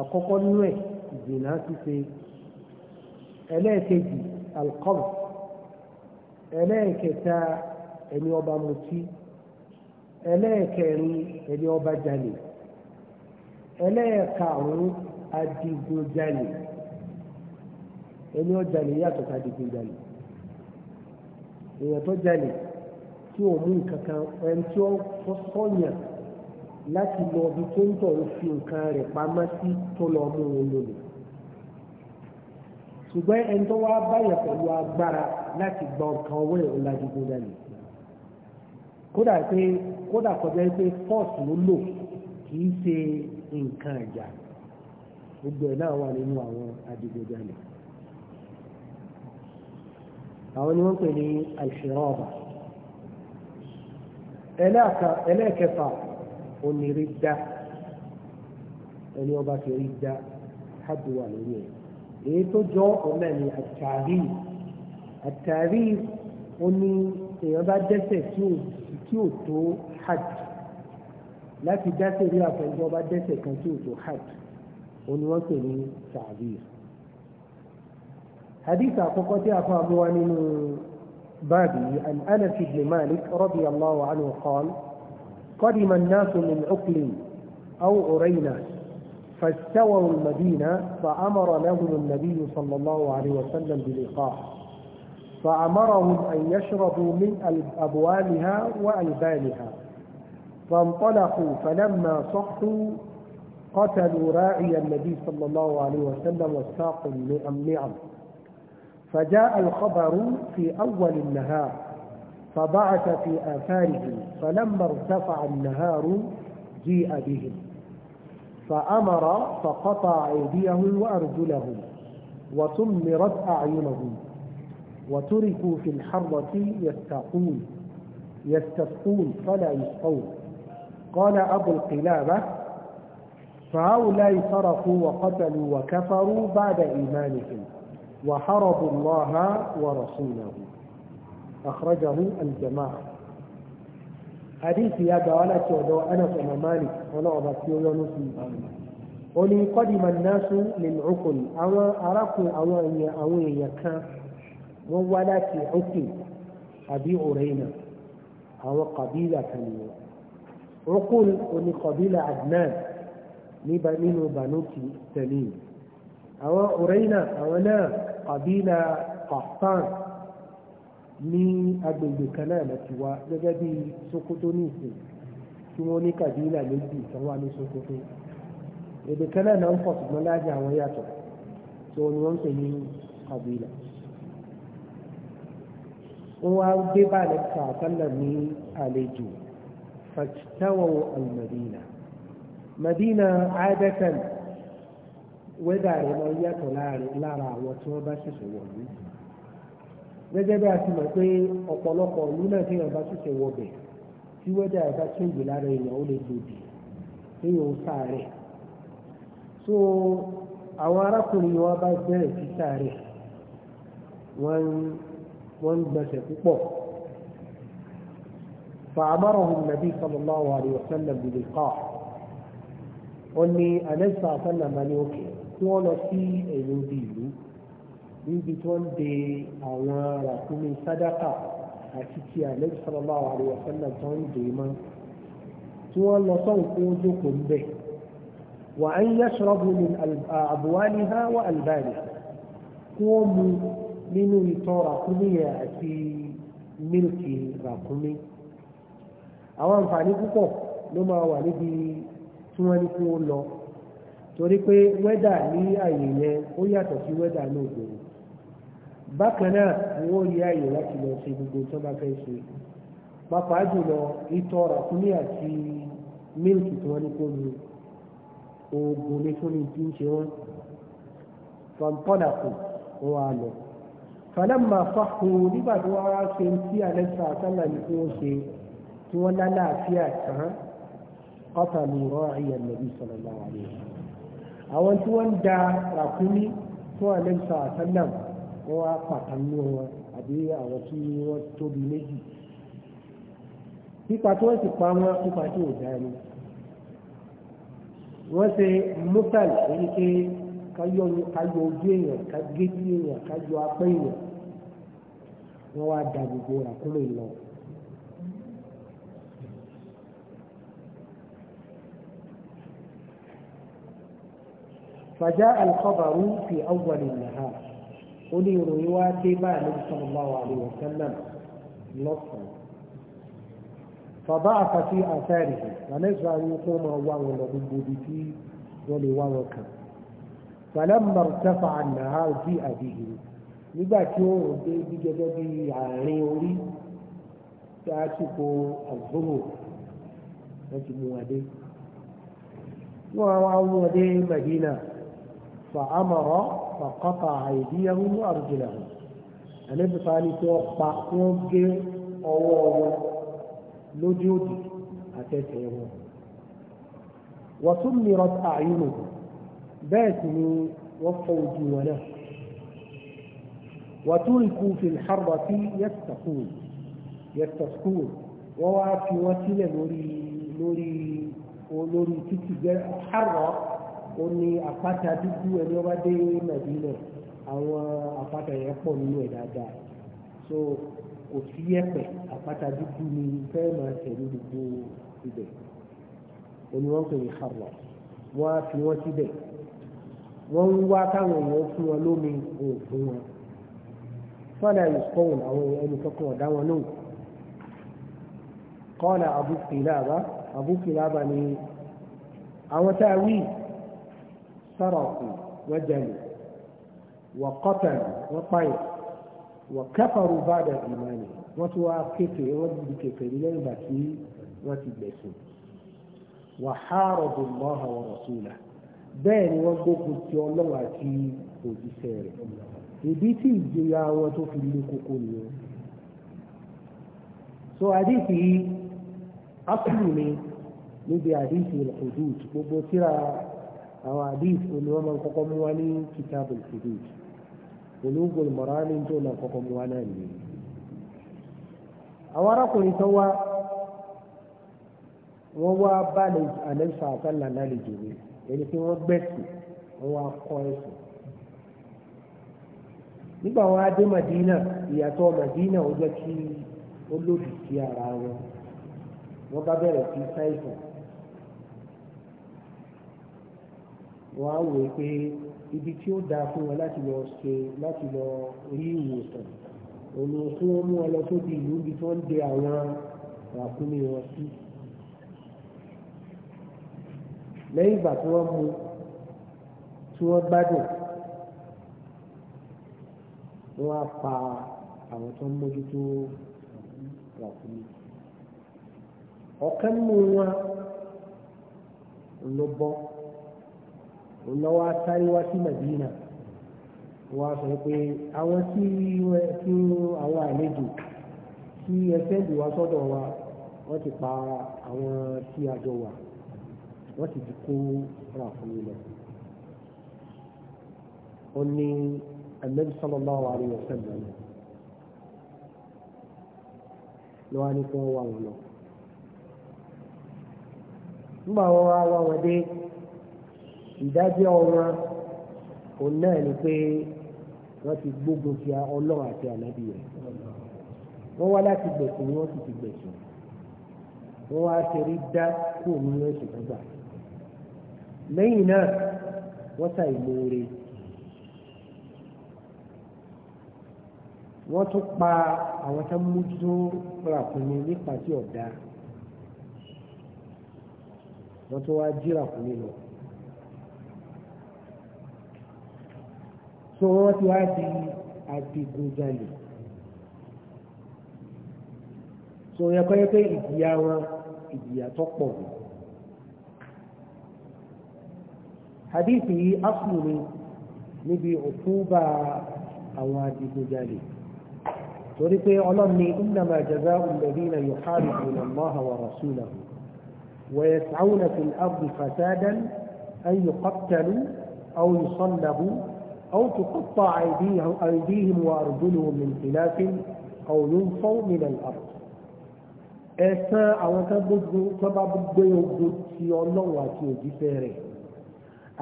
àkọ́kọ́ nínú ẹ̀ zina ṣíṣe ẹlẹ́ẹ̀kejì alqabd ẹlẹ́ẹ̀kẹta ẹni ọba mutí ẹlẹ́ẹ̀kẹrin ẹni ọba jalè ẹlẹ́ẹ̀karùn-ún adigunjalè ẹni ó jalè yàtọ̀ ká dìgbò jalè èèyàn tó jalè tí ò mú nǹkan kan ẹni tí ó sọ̀yàn láti lọ ibi tó ń tọ̀ ń fi nǹkan rẹ̀ pamọ́ sí tó lọ mú un lòlò ṣùgbọ́n ẹni tó wá báyẹ̀ pẹ̀lú agbára láti gba nǹkan owó ẹ̀ ńlá jalè kódà pé kódà kọjá pé fọ́ọ̀sì ló lò kì í ṣe nǹkan ẹ̀jà gbogbo ẹ̀ náà wà nínú àwọn adigunjalè àwọn ni wọ́n pè ní alṣirọ́ọ̀bà ẹlẹ́ẹ̀kẹfà onírí dá ẹni ọba ti rí dá hádùwà lórí ẹ̀ èyí tó jọ ọ̀nà ni àtàrí àtàrí oní èèyàn bá dẹ́sẹ̀ tí ò tó hajj láti dá sí rí àfẹ́jọ́ bá dẹ́sẹ̀ kan tí ò tó hajj oní pè ní tàbí. حديث أقوقتي أفهموا من بابي عن أنس بن مالك رضي الله عنه قال قدم الناس من عقل أو عرينة فاستووا المدينة فأمر لهم النبي صلى الله عليه وسلم بلقاء فأمرهم أن يشربوا من أبوالها وألبانها فانطلقوا فلما صحوا قتلوا راعي النبي صلى الله عليه وسلم والساق النعم فجاء الخبر في أول النهار فبعث في آثاره فلما ارتفع النهار جيء بهم فأمر فقطع أيديهم وأرجلهم وسمرت أعينهم وتركوا في الحرة يستقون يستسقون فلا يسقون قال أبو القلابة فهؤلاء صرفوا وقتلوا وكفروا بعد إيمانهم وحرضوا الله ورسوله أخرجه الجماعة حديث يا جوالة شهدوا أنا أنا مالك أنا أبقى يونس قولي قدم الناس للعقل أو أراك أو أن أو يكا وولا في عقل أبي أرينا أو قبيلة كانوا عقل أن قبيلة عدنان نبنين بنوك سليم أو أرينا أو لا kàbílà Qahtan ní agbègbè kan náà láti wá gẹ́gẹ́ bí Sokoto ní ìsìn tí wọ́n ní kàbílà méjì kan wá ní Sokoto èdè kan náà ń pọ̀ ṣùgbọ́n láàjì àwọn yàtọ̀ tó ni wọ́n ń pè ní kàbílà wọ́n wá gbé bá ní sàkálà ní àlejò fàtítàwọ̀ al-Madina Madina wẹ́dà rẹ̀ lọ yàtọ̀ lára àwọn tí wọ́n bá ṣẹ̀ṣẹ̀ wọ̀lú gẹ́gẹ́ bí a ti mọ̀ pé ọ̀pọ̀lọpọ̀ ìlú náà tí wọ́n bá ṣẹ̀ṣẹ̀ wọbẹ̀ tí wẹ́dà rẹ̀ bá ṣẹ̀ǹgì lára èèyàn ó lè lòdì téèyàn ń sáré so àwọn arákùnrin wọn bá bẹ̀rẹ̀ sí sáré wọ́n ń gbẹ̀sẹ̀ púpọ̀ فأمرهم النبي صلى الله عليه وسلم بلقاء قل لي أليس أصلى ملوكي tí wọ́n lọ sí ẹ̀yìn odi ìlú níbi tí wọ́n de àwọn ràkúnmí sádàkà àti ti àlẹ́jù sábàbà àríwá sọ́nà tí wọ́n dè mọ́ tí wọ́n lọ sọ́hùn kó jókòó ń bẹ̀. wà á ń yashrabu min àbúwálíhá wà àlùbáàlì kí wọ́n mu nínú ìtọ̀ ràkúnmí yẹn àti mílìkì ràkúnmí. àwọn àǹfààní púpọ̀ ló máa wà níbi tí wọ́n ní kí lọ. torí pé wẹ́dà ní àyè yẹn ó yàtọ̀ sí wẹ́dà náà gbòòrò bákan náà ni wọ́n rí àyè láti lọ ṣe gbogbo tó bá fẹ́ ṣe pàápàá jùlọ itọ́ àti mílìkì tí wọ́n ní kó lu oògùn ní fún ní tí ń ṣe wọ́n fọ̀npọ́nàkù ó wà lọ. fàlámà fàkó nígbà tí wọ́n á ṣe tí sálà ní kí wọ́n ṣe tí wọ́n lálàáfíà tán àwọn tí wọ́n ń da ràkúnmí fún àlẹ́sà àtàlàm wọ́n wá pàtàkì wọn àbí àwọn tí wọ́n tóbi méjì pípa tí wọ́n sì pa wọn pípa tí ò dání wọ́n ṣe mọ́tàl èyí pé káyọ ojú èèyàn kágé tí da gbogbo ràkúnmí lọ. فجاء الخبر في أول النهار قولي رويوات مالك صلى الله عليه وسلم نصا فضعف في آثاره ونجع يقوم الله لضبه في ورك، فلما ارتفع النهار في به nígbà tí ó عريوري dé bí gẹ́gẹ́ bí àárín orí tí فأمر فقطع أيديهم وأرجلهم النبي صلى الله عليه وسلم أوه لجود أتتهم وسمرت أعينهم باتني وفوا جوانه وتركوا في الحرة يستقون يستسقون ووعى وسيلة نوري نوري ونوري تتجاه حرة ó ní àpáta dúdú ẹni ọba dé Mẹdínà àwọn àpáta yẹn pọ̀ nínú ẹ̀ dáadáa so kò sí ẹ̀pẹ̀ àpáta dúdú ni fẹ́ máa tẹ̀lé gbogbo ibẹ̀ òní wọ́n pè ní Kharra wọ́n á fi wọ́n síbẹ̀ wọ́n ń wá káwọn èèyàn fún wọn lómi òògùn wọn fọ́dà ìkọ́hùn àwọn ẹni kọ́kọ́ ọ̀dá wọn lóhùn kọ́ọ̀lá Abu Kilaba Abu Kilaba ni àwọn tá a wí سرقوا وجلوا وقتلوا وطيروا وكفروا بعد إيمانهم وتواكفوا وبكفر لما في وتبسوا وحاربوا الله ورسوله bẹ́ẹ̀ ni wọ́n gbógun ti ọlọ́run àti òjíṣẹ́ rẹ̀ ìdí tí ìjìyà wọn tó fi lé koko nìyẹn so àdìsí ápùlù ni níbi àdìsí ìlọ̀kọ̀dù gbogbo síra àwọn àdìs olùwọ́n kọ́kọ́ mú wa ní kìtàbù fìdíj ológun mọ̀ránì tó náà kọ́kọ́ mú wa náà nìyí. àwọn arákùnrin tó wá wọ́n wá bá àlẹ́sà àtàlà lálejò rẹ̀ ẹni pé wọ́n gbẹ̀sì wọ́n wá kọ́ ẹ̀sìn. nígbà wọn á dé Madina ìyàtọ̀ Madina ó jẹ́ kí ó lòdì ara wọn wọ́n bá bẹ̀rẹ̀ sí sáìsàn. wọ́n á wò ó pé ibi tí ó dáa fún wọn láti lọ ṣe láti lọ rí ìwòsàn òun fún wọn mú wọn lọ sóbi ìlú ibi tí wọ́n ń de àwọn ràkúnmí wọn sí. lẹ́yìn ìgbà tí wọ́n mu tí wọ́n gbádùn wọ́n á pa àwọn tó ń mójútó ràkúnmí. ọ̀kan mú wọn ló bọ́ lọ́wọ́ sáré wá sí Madina wọ́n á sọ pé àwọn tí àwọn àlejò tí ẹsẹ̀ ìlú wa sọ́dọ̀ wa wọ́n ti pa àwọn tí a jọ wà wọ́n sì ti kó ra fún mi lọ. ó ní Ànábì sallallahu alaihi wasallam ló wá ní kí wọ́n wá wọn lọ. nígbà wọn wá wọn dé ìdájọ́ wọn òun náà ni pé wọ́n ti gbógun ti ọlọ́run àti ànábì rẹ̀ wọ́n wá láti gbẹ̀sùn wọ́n sì ti gbẹ̀sùn wọ́n wá ṣe rí dá kó ní oṣù tó gbà lẹ́yìn náà wọ́n ta ìmoore wọ́n tún pa àwọn tó ń mójútó ràkúnmí nípa tí ọ̀dà wọ́n tún wá jí ràkúnmí lọ. tó wọ́n ti wá di àdìgúnjalè tó yẹ kọ́ yẹ pé ìdíyà wọn ìdíyà tó pọ̀ jù hadithi yìí áfù ni níbi bá àwọn adigun jalè torí pé ọlọ́run ní innama jaza'u alladhina yuharibuna allaha wa rasulahu ويسعون في الأرض فسادا أن يقتلوا أو يصلبوا أو تقطع أيديهم وأرجلهم من خلاف أو ينفوا من الأرض ẹ̀san àwọn tó gbogbo tó bá gbogbo ogun ti ọlọ́run àti òjíṣẹ́ rẹ̀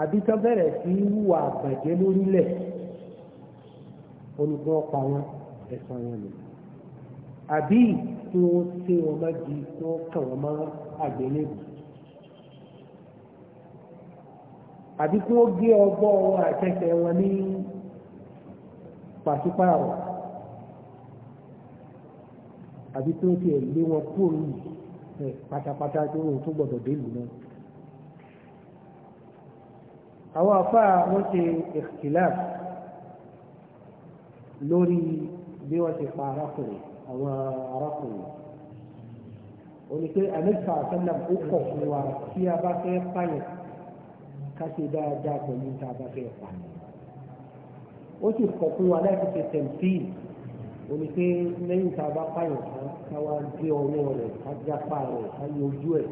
àbí tó bẹ̀rẹ̀ sí wùwà àgbàjẹ́ lórílẹ̀ olùkọ́ ọ̀pá wọn ẹ̀san wọn ni àbí tí wọ́n ṣe wọn má di tí wọ́n kàn wọ́n má àgbélébùú àbí kí wọ́n gé ọgbọ́ wọn àtẹ́kẹ́ wọn ní pàṣípààrọ̀ àbí kí wọ́n ti lé wọn kúrò yìí pátápátá tó wọ́n tó gbọ́dọ̀ dé ìlú náà àwọn afá wọ́n ṣe ìkìláf lórí bí wọ́n ti pa arákùnrin àwọn arákùnrin onípe àmì ìfà ó kọ̀ fún wa tí a bá fẹ́ pààyàn ká ṣe dáadáa pẹ̀lú tá a bá fẹ́ pa ó sì kọ̀ fún wa láti ṣe tẹ̀m̀pìlì omi pé lẹ́yìn tá a bá pààyàn tán ká wá gbé ọwọ́ rẹ̀ ká jápá rẹ̀ ká yọ ojú ẹ̀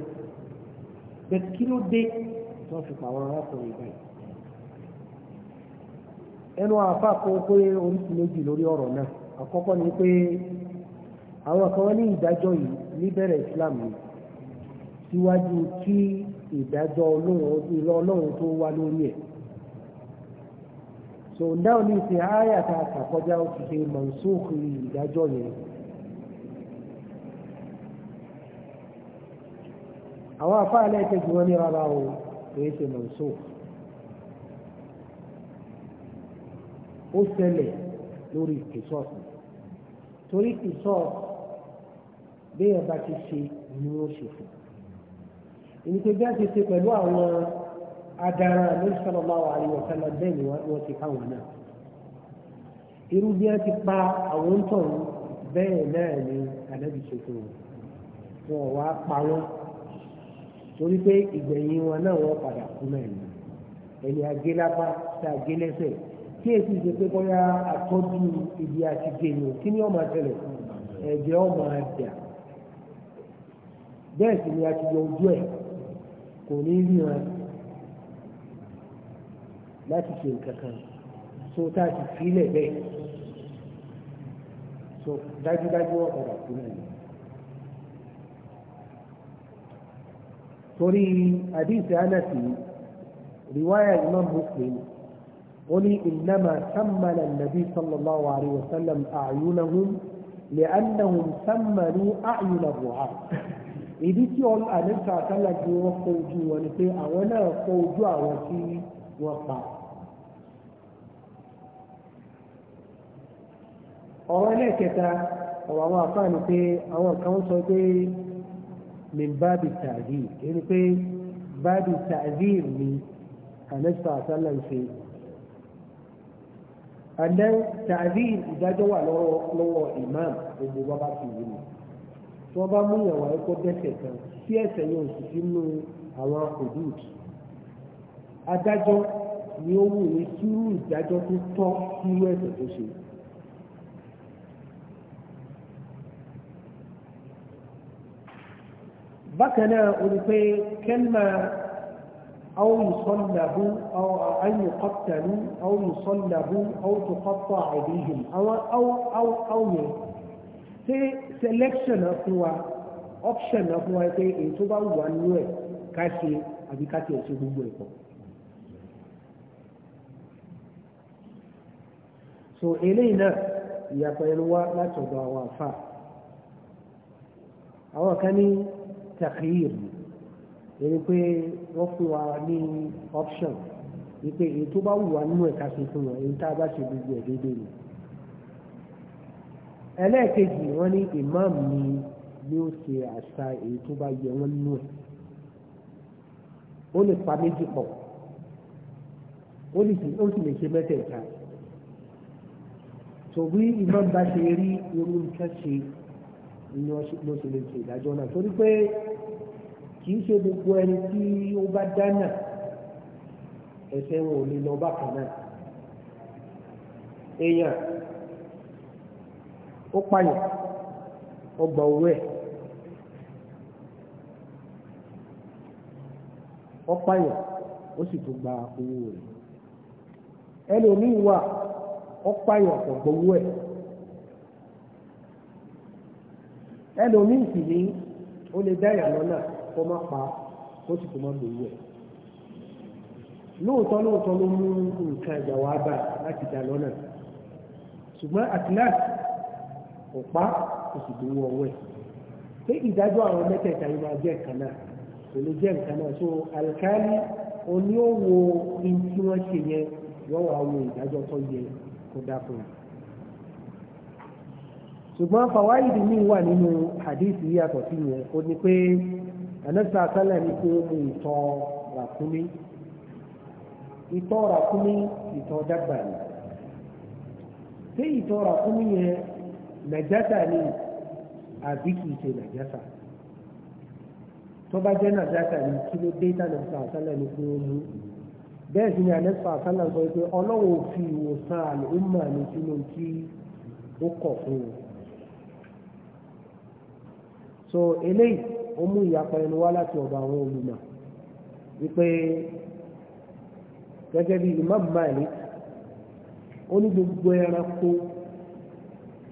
bẹ́ẹ̀ kí ló dé tí wọ́n fi pa àwọn arákùnrin báyìí ẹnu àfa kó pé oríṣi méjì lórí ọ̀rọ̀ náà àkọ́kọ́ ni pé àwọn kan ní ìdájọ́ yìí níbẹ̀rẹ̀ Islam yìí síwájú kí ìdájọ́ ìlọ ọlọ́run tó wá lórí ẹ̀ so náà ní ìsìn àyàtà àkọjá ó ti ṣe mọ̀nsóòkì ìdájọ́ yẹn àwọn afá alẹ́kẹ̀ẹ́jì wọn ní rárá o kìí ṣe mọ̀nsóòkì ó ṣẹlẹ̀ lórí ìkìsọ́ọ̀sì torí ìkìsọ́ọ̀sì bí ẹ̀ ti ṣe ni ó ṣe fún ìníkẹ́ bí a ti ṣe pẹ̀lú àwọn adara sallallahu alaihi wa sallam bẹ́ẹ̀ ni wọ́n ti káwọn náà irú bí a ti pa àwọn ń tọ̀ bẹ́ẹ̀ náà ni ànábì ṣètò wọn wá pa wọn torí pé ìgbẹ̀yìn wọn náà wọ́n padà kú náà ni ẹni agélápá tá a gé lẹ́sẹ̀ kí èsì ṣe pé bóyá àtọ́jú ibi àti gèlò kí ni ọmọ àtẹlẹ ẹ̀jẹ̀ ọmọ àdà bẹ́ẹ̀ sì ni a ti yọ ojú ẹ̀ kò ní ríran láti ṣe nǹkan kan so tá a ti fílẹ̀ bẹ́ẹ̀ so dájúdájú ọ̀padà kú náà ni. torí àdìsí anásì riwaya imam muslim oni innama sammana nabi sallallahu alaihi wa sallam a'yunahum li'annahum sammanu a'yun ar-ru'at ìdí tí àlẹ́sà àtàlà ju wọn kọ ojú wọn ni pé àwọn náà kọ ojú àwọn tí wọ́n pa. ọ̀rọ̀ ẹlẹ́ẹ̀kẹta ọ̀rọ̀ àwọn afá ni pé àwọn kan sọ pé min báàbì tààdì ẹni pé báàbì tààdì ni àlẹ́sà àtàlà ń ṣe. àdán tààdì ìdájọ́ wà lọ́wọ́ imam gbogbo bàbá tìlú ni tí wọ́n bá mú ìyàwó ẹ̀kọ́ dẹ́ṣẹ̀ kan tí ẹ̀ṣẹ̀ yẹn ò sì sínú àwọn hudud adájọ́ ni ó wù ní sírú ìdájọ́ tó tọ́ sírú ẹ̀ṣẹ̀ tó ṣe. bákan náà o ní pé kẹ́lìmà أو يصلبوا أو أن يقتلوا أو يصلبوا أو تقطع أيديهم أو ṣé selection náà option náà fún wa pé èyí tó bá wù wá nínú ẹ̀ ká ṣe àbí ká tiẹ̀ ṣe gbogbo ẹ̀ so eléyìí náà ìyàtọ̀ ẹnu wá láti ọ̀dọ̀ àwọn àfà àwọn kan ní takhir èyí pé wọ́n fún wa ní option wípé èyí tó bá wù wá nínú ẹ̀ ká ṣe fún wọn èyí tá a bá ṣe gbogbo ẹ̀ déédéé ni ẹlẹ́ẹ̀kejì wọ́n ní imam ni yóò ṣe àṣà èyí tó bá yẹ wọ́n nú ẹ̀ ó lè pa méjì pọ̀ ó sì lè ṣe mẹ́tẹ̀ẹ̀ta tòbí imam bá ṣe rí irú nǹkan ṣe ni ló ṣe lè ṣe ìdájọ́ náà torí pé kì í ṣe gbogbo ẹni tí ó bá dáná ẹsẹ̀ wọn ò lè lọ bákan náà èèyàn ó pààyàn ó gba ẹ̀ ó pààyàn ó sì tún gba owó rẹ̀ ẹlòmíín wà ó pààyàn kò gbowó ẹ̀ ẹlòmíín sì ní ó lè dá ìyàlọ́ náà kó má pa ó sì tó má gbowó ẹ̀ lóòótọ́ lóòótọ́ ló mú nǹkan ìjà wá bá láti dà lọ́nà ṣùgbọ́n àtìláàtì kò pa kò sì dúró ọwọ́ ẹ̀ pé ìdájọ́ àwọn mẹ́tẹ̀ẹ̀ta yìí máa jẹ́ nǹkan náà kò lè jẹ́ nǹkan náà so alikali oní òwò ní tí wọ́n ṣe yẹn yọ wà wo ìdájọ́ tó yẹ kó dá fún un ṣùgbọ́n fàwáìdì míì wà nínú hadith yàtọ̀ sí yẹn ó ní pé ànábìsà sálà ní kó mú ìtọ̀ ràkúnmí ìtọ̀ ràkúnmí ìtọ̀ dàgbà ni ṣé ìtọ̀ ràkúnmí yẹn nàjásà ni àbí kìí ṣe nàjásà tó bá jẹ́ nàjásà ni kí ló dé tánà sọ àṣálẹ̀ ní pé ó mú bẹ́ẹ̀ sì ni àlẹ́sọ àṣálẹ̀ sọ pé ọlọ́wọ́ fi ìwòsàn àlùmọ̀ ní sínú tí ó kọ̀ fún un so eléyìí ó mú ìyapa ẹnu wá láti ọ̀dọ̀ àwọn olùmọ̀ wípé gẹ́gẹ́ bí Imam Malik ó ní gbogbo ẹranko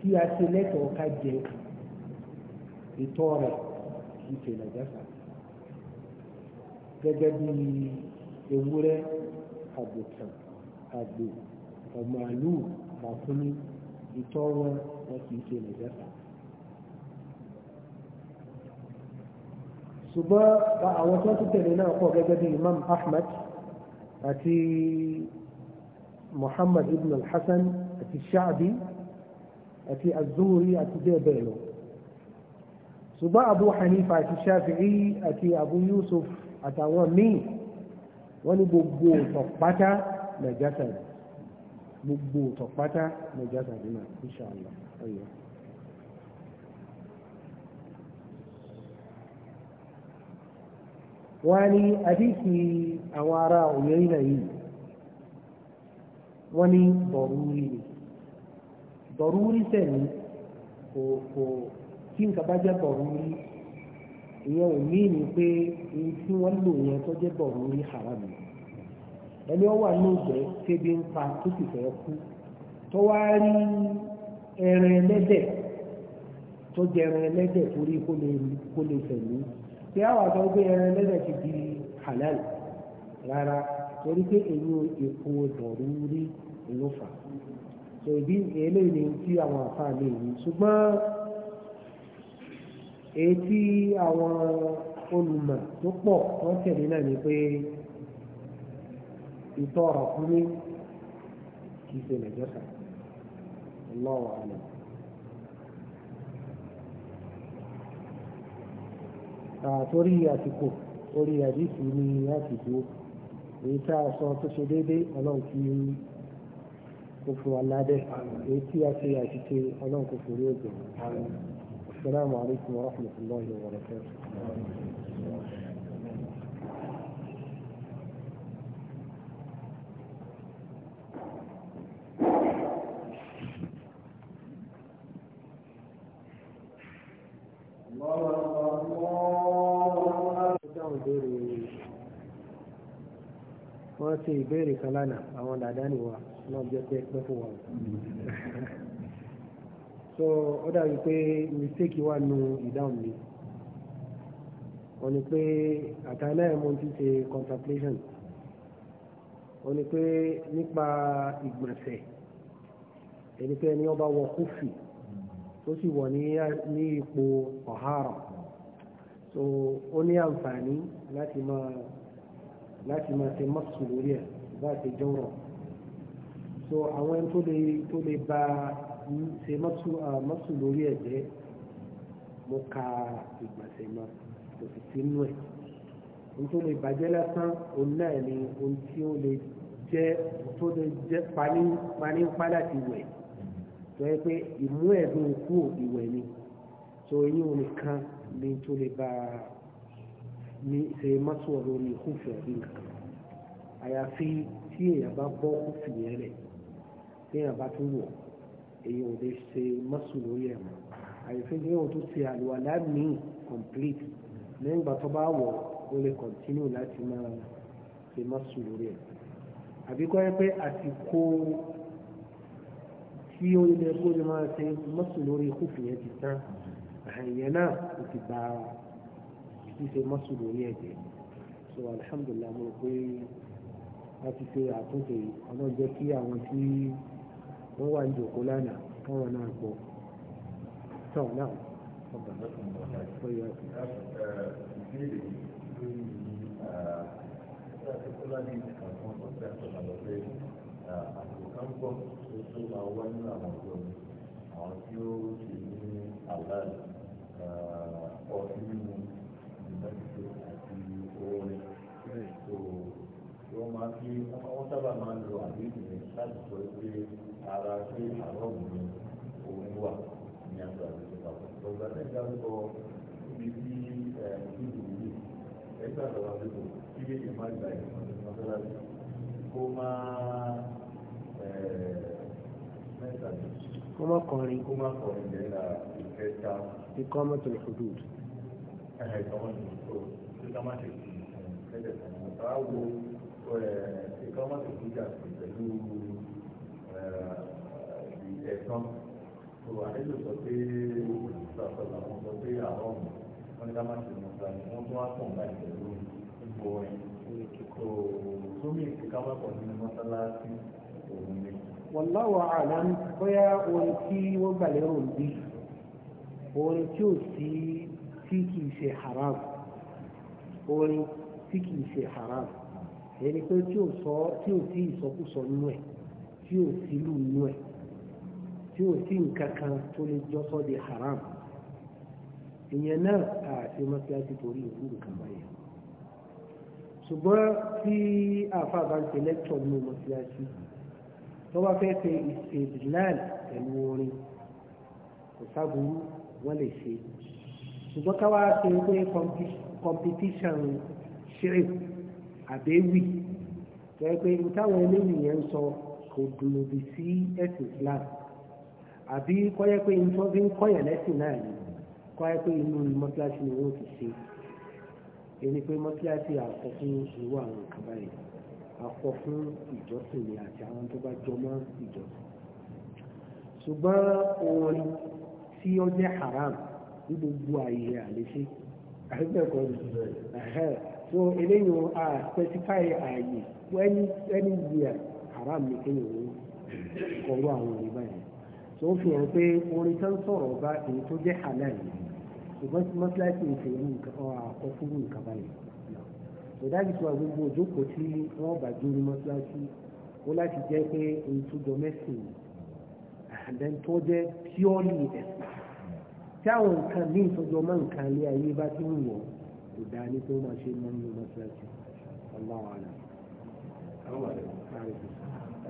tí a ti ṣe lẹ́tọ̀ọ́ ká jẹ ìtọ́ rẹ̀ kì í ṣe nàìjásà gẹ́gẹ́ bí ewúrẹ́ àgùntàn àgbò ọ̀màlú ràkúnmí ìtọ́ wọn wọn kì í ṣe nàìjásà. ṣùgbọ́n àwọn tó tún tẹ̀lé náà pọ̀ gẹ́gẹ́ bí Imam Ahmad àti Muhammad ibn al-Hasan àti Sha'bi. àti az-Zuhri àti bẹ́ẹ̀ bẹ́ẹ̀ lọ ṣùgbọ́n Abu Hanifa àti Shafi'i àti Abu Yusuf àtàwọn míì wọ́n ní gbogbo ọ̀tọ̀pátá nàìjásà rẹ̀ gbogbo ọ̀tọ̀pátá nàìjásà rẹ̀ náà insha Allah ọ̀yọ́. wọ́n ní àdìsí àwọn ará òyìnbó yìí wọ́n dọ̀rúurí sẹ́yìn kò kò kí nǹkan bá jẹ́ dọ̀rúurí ìyẹn ò ní ní pé ohun tí wọ́n lò yẹn tó jẹ́ dọ̀rúurí haram ẹni wọ́n wà ní ìgbẹ́ tẹ́bi ń pa tó sì fẹ́ kú tó wá rí ẹran ẹlẹ́dẹ̀ tó jẹ ẹran ẹlẹ́dẹ̀ torí kó lè fẹ̀mí pé àwọn àgbà gbé ẹran ẹlẹ́dẹ̀ ti di halal rárá torí pé èyí ipò dọ̀rúurí ló fà á. so ibi eléyìí ni tí àwọn àǹfààní yìí ṣùgbọ́n èyí tí àwọn olùmọ̀ tó pọ̀ wọ́n tẹ̀lé náà ni pé ìtọ́ ọ̀rọ̀ fún mi kì í ṣe nàìjọ́sà ọlọ́wọ́ àlẹ́. àtòrí àsìkò orí àdìsí ni àsìkò èyí tá a sọ tó ṣe déédéé ọlọ́run kì í kó fún wa ládẹ́ èyí tí a ṣe àṣìṣe ọlọ́run kò forí òjò السلام عليكم ورحمة الله وبركاته wọ́n ṣe ìbéèrè kan lánàá àwọn dàdá nìwọ̀n náà jẹ́ pé pẹ́ fún wa. so ó dàbí pé mistake wà nù ìdáhùn mi wọ́n ní pé àtàlà ẹ̀mọ́ ti ṣe contemplation wọ́n ní pé nípa ìgbọ̀nsẹ̀ ẹni pé ẹni ọba wọ kófì tó sì wọ̀ ní ipò ọ̀hárà so ó ní àǹfààní láti máa láti máa ṣe mọ́sùn lórí ẹ̀ bá ṣe jọ́rọ̀ so àwọn ẹni tó lè tó lè ba ṣe mọ́tò lórí ẹ̀jẹ̀ mo ka ìgbàsẹ̀ náà kò sì sínú ẹ̀ nítorí lè bàjẹ́ lásán òun náà ni ohun tí ó lè jẹ́ tó lè jẹ́ panípa láti wẹ̀ tó yẹ pé ìmú ẹ̀dùn kú ìwẹ̀ ni tó eyín onìkan ni tó lè bá ní ṣe mọ́tò lórí ikú fẹ̀ bí nǹkan àyàfi tí èèyàn bá bọ́ kú fìyẹn rẹ̀ téèyàn bá tún wò èyàn ò lè ṣe mọ́sùn lórí ẹ̀ mọ́ àyẹ̀fẹ́ ní òun tó ṣe àlùwàlá míì complete lẹ́yìn ìgbà tó bá wọ̀ ó lè continue láti máa ṣe mọ́sùn lórí ẹ̀ àbíkọ́ yẹ pé àsìkò tí ó lè kó lè máa ṣe mọ́sùn lórí kúfù yẹn ti tán àyẹ̀ náà kò ti ba ṣíṣe mọ́sùn lórí ẹ̀ so alhamdulilayi mo rò pé wọ́n ti ṣe àtúnṣe ọlọ́jọ́ kí àwọn tí wọ́n wà ń jòkó lánàá káwọn náà gbọ́ tán náà. Àwọn ara sí àárọ̀ mi òun wà ní àgbà ìlú papọ̀. ọ̀gá tẹ́jà sọ ibi tí ìlú yìí ẹgbẹ́ àtàwọn àdúgbò kí lèyìn má gba ìmọ̀ ní mọ́sálásí kó má mẹ́ta ní. kó má kọrin. kó má kọrin lẹ́yìn ìkẹta. ikọ́ mọ́tò lè fojú òtún. ẹ̀hẹ̀ ìkọ́mọ́ ni mo ká má ṣe kí ẹ̀ẹ́dẹ̀ẹ̀dẹ̀ kan. àwọn ikọ́ mọ́tò fojú àti pẹ̀lú Eh, ẹ̀sán tó àlejò sọ pé ìgbàsọ̀lá wọn sọ pé àwọn ọ̀hún wọn ní ká má ṣe mọ̀ sáà ni wọ́n tún wá pọ̀ nípa ìṣẹ̀lú ipò ẹ̀ tó sómi ìkíkà wá pọ̀ nínú mọ́sálásí òun ni. wallahu a'lam bóyá orin tí wọ́n gbà lérò ń bí orin tí ò sí tí kì í ṣe haram orin tí kì í ṣe haram ẹni pé tí ò sí ìsọkúsọ nínú ẹ̀ tí ò sí lù nú ẹ̀ tí ò sí nǹkan kan tó lè jọ́sọ́ di haram ìyẹn náà àti mọ́síláṣí torí ìlú nǹkan báyẹn ṣùgbọ́n tí àfa bá ń ṣe lẹ́tọ̀ nínú mọ́síláṣí tó bá fẹ́ ṣe ìṣèdìláàlì pẹ̀lú orin kò sábúrú wọ́n lè ṣe ṣùgbọ́n káwá ṣe pé competition ṣeré àbẹ́wì tó yẹ pé táwọn eléyìí yẹn ń sọ kò lòdì sí ẹ̀sìn Islam àbí kọ́yẹ́ pé inú bí ń kọ́yẹ̀ lẹ́sìn náà ni kọ́yẹ́ pé inú mọ́tíláṣí ni wọ́n ti ṣe ẹni pé mọ́tíláṣí àkọ́ fún irú àwọn nǹkan báyìí àkọ́ fún ìjọsìn ni àti àwọn tó bá jọ mọ́ ìjọsìn ṣùgbọ́n orin tí ó jẹ́ haram ní gbogbo ààyè àléṣe àrígbẹ̀kọ́ ni so eléyìí a specify ààyè anywhere haram ni kéèyàn ó kọrú àwọn orin báyìí tó fi hàn pé orin tó ń sọ̀rọ̀ bá èyí tó jẹ́ halal ṣùgbọ́n mọ́tíláṣí ìfẹ́ àkọ́kúrú nǹkan báyìí ìdájú tó àgbègbè òjókòó tí wọ́n bá dúró mọ́tíláṣí ó láti jẹ́ pé èyí tó jọ mẹ́sìn àdán tó jẹ́ purely ẹ̀sìn tí àwọn nǹkan ní ìtọ́jọ́ máa ń lé ayé bá tí ń wọ̀ kò dá ní tó máa ṣe mọ́ nínú mọ́tíláṣí ọlọ́wọ́ àná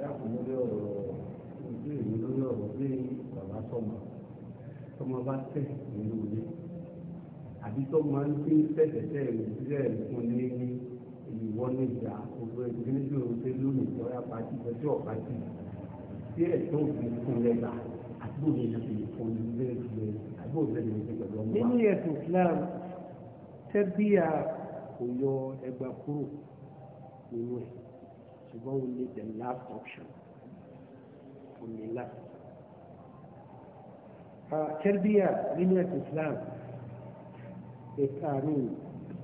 alákòóbí ọ̀rọ̀ ojú èyí lórí ọ̀rọ̀ bí bàbá sọ̀mọ̀ tọmọ bá tẹ̀ nínú ilé àbí tó máa ń fi tẹ̀tẹ̀tẹ̀ ìdílé fún ní ìwọ ní ìjà gbogbo ẹgbẹ́ níbi òde lónìí tó yá pàtì ìtọ́jú ọ̀pátì tí ẹ̀tọ́ òfin fún lẹ́gbà àdúgbò ní ìṣẹ̀lẹ̀ fún ilé ìgbẹ́ àdúgbò ní ìṣẹ̀lẹ̀ pẹ̀lú ọmọ nínú ẹ̀sùn Islam tẹ́bíà kò yọ ẹgbà kúrò nínú ẹ̀ ṣùgbọ́n we need the last option òní last. tẹ́rbíà nínú ẹ̀sìn Islam ìtààrí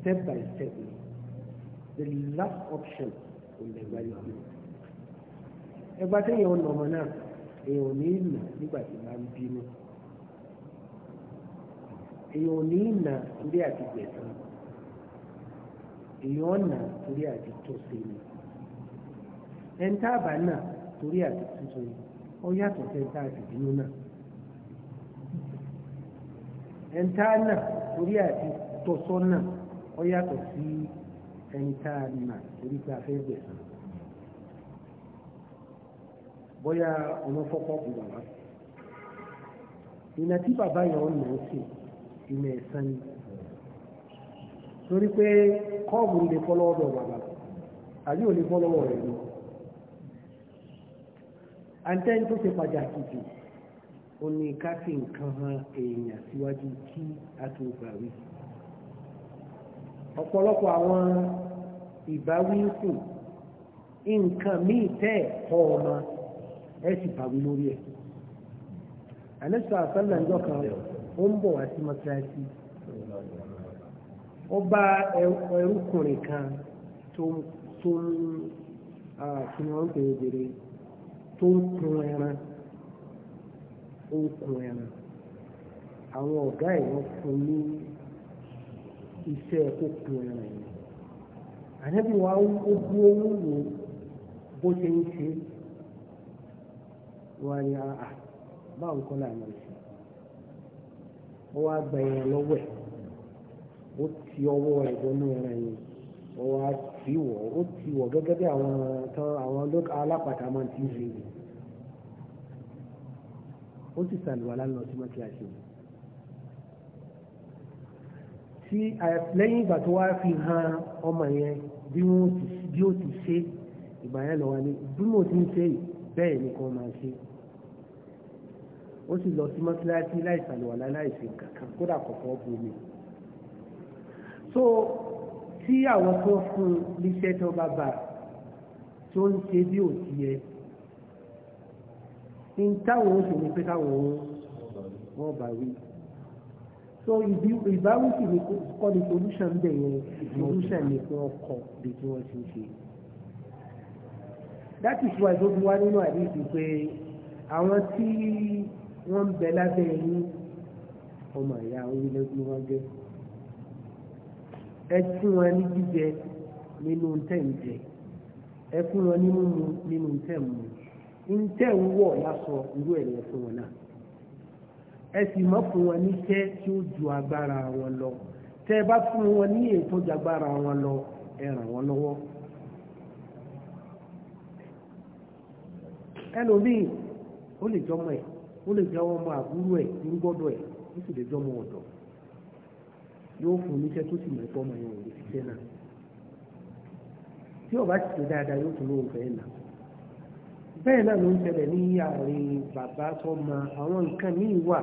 step by step ni the last option òní ẹgbà yìí. ẹgbà téèyàn ọ̀nà ọmọ náà èèyàn ò ní ìlú nígbà tí máa ń bínú èèyàn ò ní ìnà torí àti gbẹ̀sán èèyàn ọ̀nà torí àti tó sí ni ẹni tá a bá náà torí àti tuntun yìí ó yàtọ̀ sí ẹni tá a sì bínú náà ẹni tá a náà torí àti tọ́sọ́ náà ó yàtọ̀ sí ẹni a náà torí pé a fẹ́ gbẹ̀sán bóyá ọmọ fọ́fọ́ kù bàbá ìnà tí bàbá yẹn ó nà ó sì ìnà ẹ̀sán ni torí pé kọ́ọ̀bù lè fọ́ lọ́wọ́ bàbá àbí ò lè fọ́ lọ́wọ́ rẹ̀ lọ́wọ́ àǹtẹ́ni tó ṣe pàtàkì jù ó ní ká fi nǹkan han èèyàn síwájú kí a tó bàwí ọ̀pọ̀lọpọ̀ àwọn ìbáwí ń kù nǹkan míì tẹ́ ẹ̀kọ́ ọmọ ẹ sì bàwí lórí ẹ̀ àlẹ́sọ̀ àṣálà ń dọ̀kan ó ń bọ̀ wá sí mọ́tíráṣí ó bá ẹrúkùnrin kan tó ń tó ń fi hàn pèrèbèrè tó ń kun ẹran ó ń kun ẹran àwọn ọ̀gá ẹ̀ wọ́n fún ní iṣẹ́ kó kun ẹran wa ó bú owó wò bó ṣe ń ṣe wọ́n á ní àà báwo kọ́ làwọn ṣe wá lọ́wọ́ ẹ̀ ó tì wọ̀ ó tì wọ̀ gẹ́gẹ́ bí àwọn tán àwọn alápàtà máa ti ń ṣe ni ó sì sàlùwàlá lọ sí mọ́kíláṣí tí lẹ́yìn ìgbà tó wá fi hàn ọmọ yẹn bí ó ti ṣe ìgbà yẹn lọ wá ní bí mo ti ń ṣe bẹ́ẹ̀ ni kò máa ṣe ó sì lọ sí mọ́kíláṣí láìsàlùwàlá láìsí kankan kódà kọ̀ọ̀kan bomi so tí àwọn tó fún níṣẹ́ tó bá bà tó ń ṣe bí ò ti yẹ ní táwọn oṣù ní pé káwọn wọ́n bá wí so ìbáwí sì ni kọ́ ni solution bẹ̀ yẹn solution ni pé wọ́n kọ́ bí tí wọ́n ti ṣe that is why tó fi wá nínú àdéhùn pé àwọn tí wọ́n ń bẹ lábẹ́ yín ọmọ ìyá orílẹ̀-èdè wọn jẹ́. ẹ fún wọn ní jíjẹ nínú tẹ̀ǹjẹ ẹ wọn ní mímu nínú tẹ̀ǹmu ntẹ̀ wọ̀ lásọ irú ẹ̀yẹ fún wọn náà ẹ sì fún wọn níṣẹ́ tí ju agbára wọn lọ tẹ́ ẹ bá fún wọn ní wọn lọ ẹ ràn wọ́n yóò fún níṣẹ́ tó sì mọ̀ ẹ̀kọ́ ọmọ yẹn ò lè ṣiṣẹ́ náà tí ọba ti ṣe dáadáa yóò tún lóun fẹ́ẹ́ nà bẹ́ẹ̀ náà ló ń ṣẹlẹ̀ ní àárín bàbá sọ́mọ àwọn nǹkan míì wà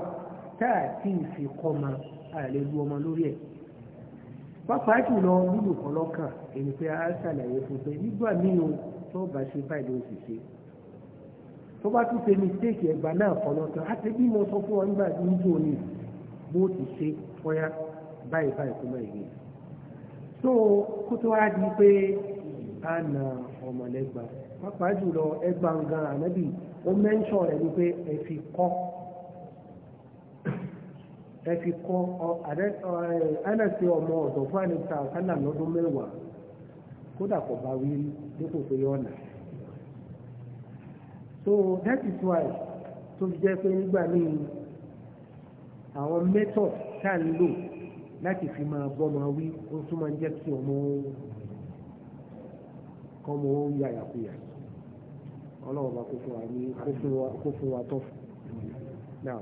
tá à ti fi kọ́ ma àlè lu ọmọ lórí ẹ̀ pápá jùlọ lílù kan lọ́kàn èyí pé a ṣàlàyé fún pé nígbà míì o ṣe báyìí ló sì ṣe tó tún ṣe mistake ẹgbàá náà kọ́ àti bí mo sọ fún ọ nígbà tí ń báyìí báyìí kó máa yìí so kó tó wá di pé a na ọmọlẹ́gba pàápàá jùlọ ẹgbà ń gan ànábì ó mẹ́ńṣọ̀ rẹ̀ ni pé ẹ fi kọ́ ẹ fi kọ́ ẹnẹsì ọmọ ọ̀dọ̀ fún àníta kánà lọ́dún mẹ́wàá kódà kò bá wí dípò pé ọ̀nà so that is why tó fi jẹ́ pé nígbà míì àwọn method tá à ń lò láti fi máa bọ́mọ wí ó tún máa ń jẹ́ kí ọmọ kọ́mọ ó yàyàkuyà ọlọ́run bá kó fún wa ní kó fún wa tọ́ náà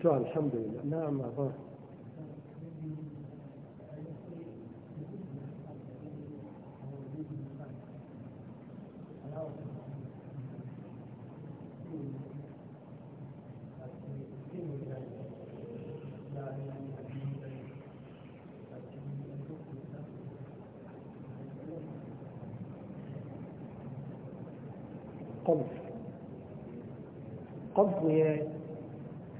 tó alhamdulillah náà màá bá. yẹn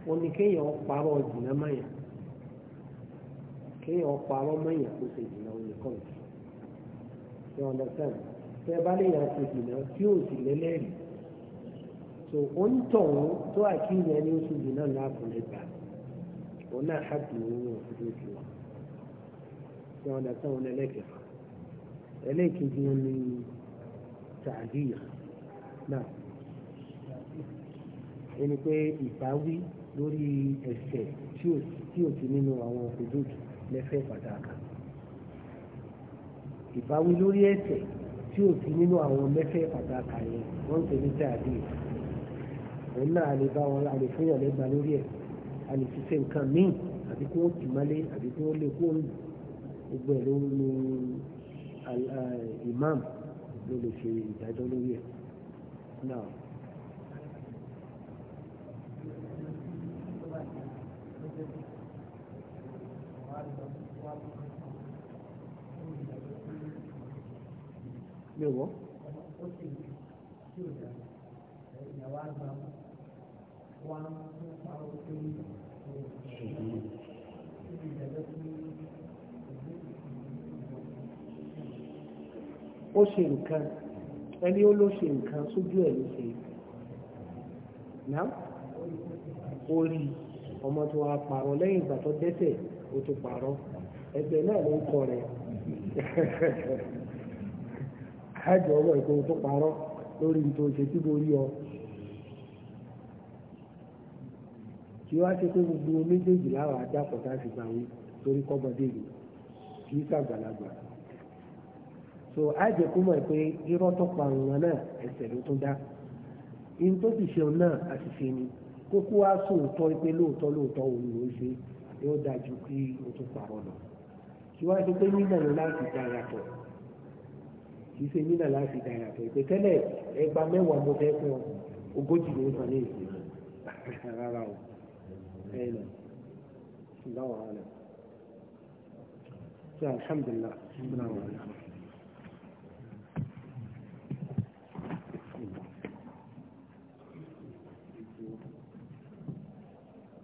ya ní kéèyàn parọ́ jìnnà mọ́yà na parọ́ mọ́yà kó ṣe jìnnà ya nìkan jù ya ọ tí ó sì lẹ́lẹ́rìí tó ó ń tọ̀hún tó àkíyàn ní oṣù jìnnà náà kò lè ọ na náà hàkì òun ò fi tó ti wà ṣé ọ̀nà sẹ́n òun ẹni pé ìbáwí lórí ẹ̀ṣẹ̀ tí ò sí nínú àwọn òdòdó lẹ́fẹ̀ẹ́ pàtàkì ìbáwí lórí ẹ̀ṣẹ̀ tí ò sí nínú àwọn mẹ́fẹ̀ẹ́ pàtàkì yẹn wọ́n ń pè ní dáadé òun náà lè bá wọn lè fún yàn lẹ́gba lórí ẹ̀ a lè fi ṣe nǹkan míì àbí kí wọ́n tì mọ́lé àbí kí wọ́n lè kó òun gbogbo ẹ̀ ló ń lo imam ló lè ṣe ìdájọ́ lórí ẹ̀ náà. mi ò wọ́. ó ṣe nǹkan ẹni ó ló ṣe nǹkan sójú ẹ̀ ló ṣe náà ó ọmọ tó wá pààrọ̀ lẹ́yìn ìgbà tó dẹ́ṣẹ̀ ó tún parọ́ ẹgbẹ́ náà ló ń kọ rẹ̀ àjọ ọwọ́ lori tó parọ́ lórí tó ṣe tí ọ gbogbo méjèèjì láwọn adápọ̀tá ti gbà wí torí kọ́mọdé yìí kì í so àjẹ kó mọ̀ pé irọ́ tó pa òun náà ẹsẹ̀ ló tún dá in tó ti ṣeun náà ni kókó wá sóòótọ́ pé lóòótọ́ lóòótọ́ òun ló ń ṣe é. yóò dájú kí o tún pààrọ̀ lọ kí wá ṣe pé nínà ló láti dá yàtọ̀ kì í ṣe nínà láti dá yàtọ̀ ìpè tẹ́lẹ̀ ẹgbà mẹ́wàá mo fẹ́ fún ọ ogójì ló ń sọ ní ìsìn rárá o ẹ̀yìn náà ṣùgbọ́n wàhálà. Alhamdulillah.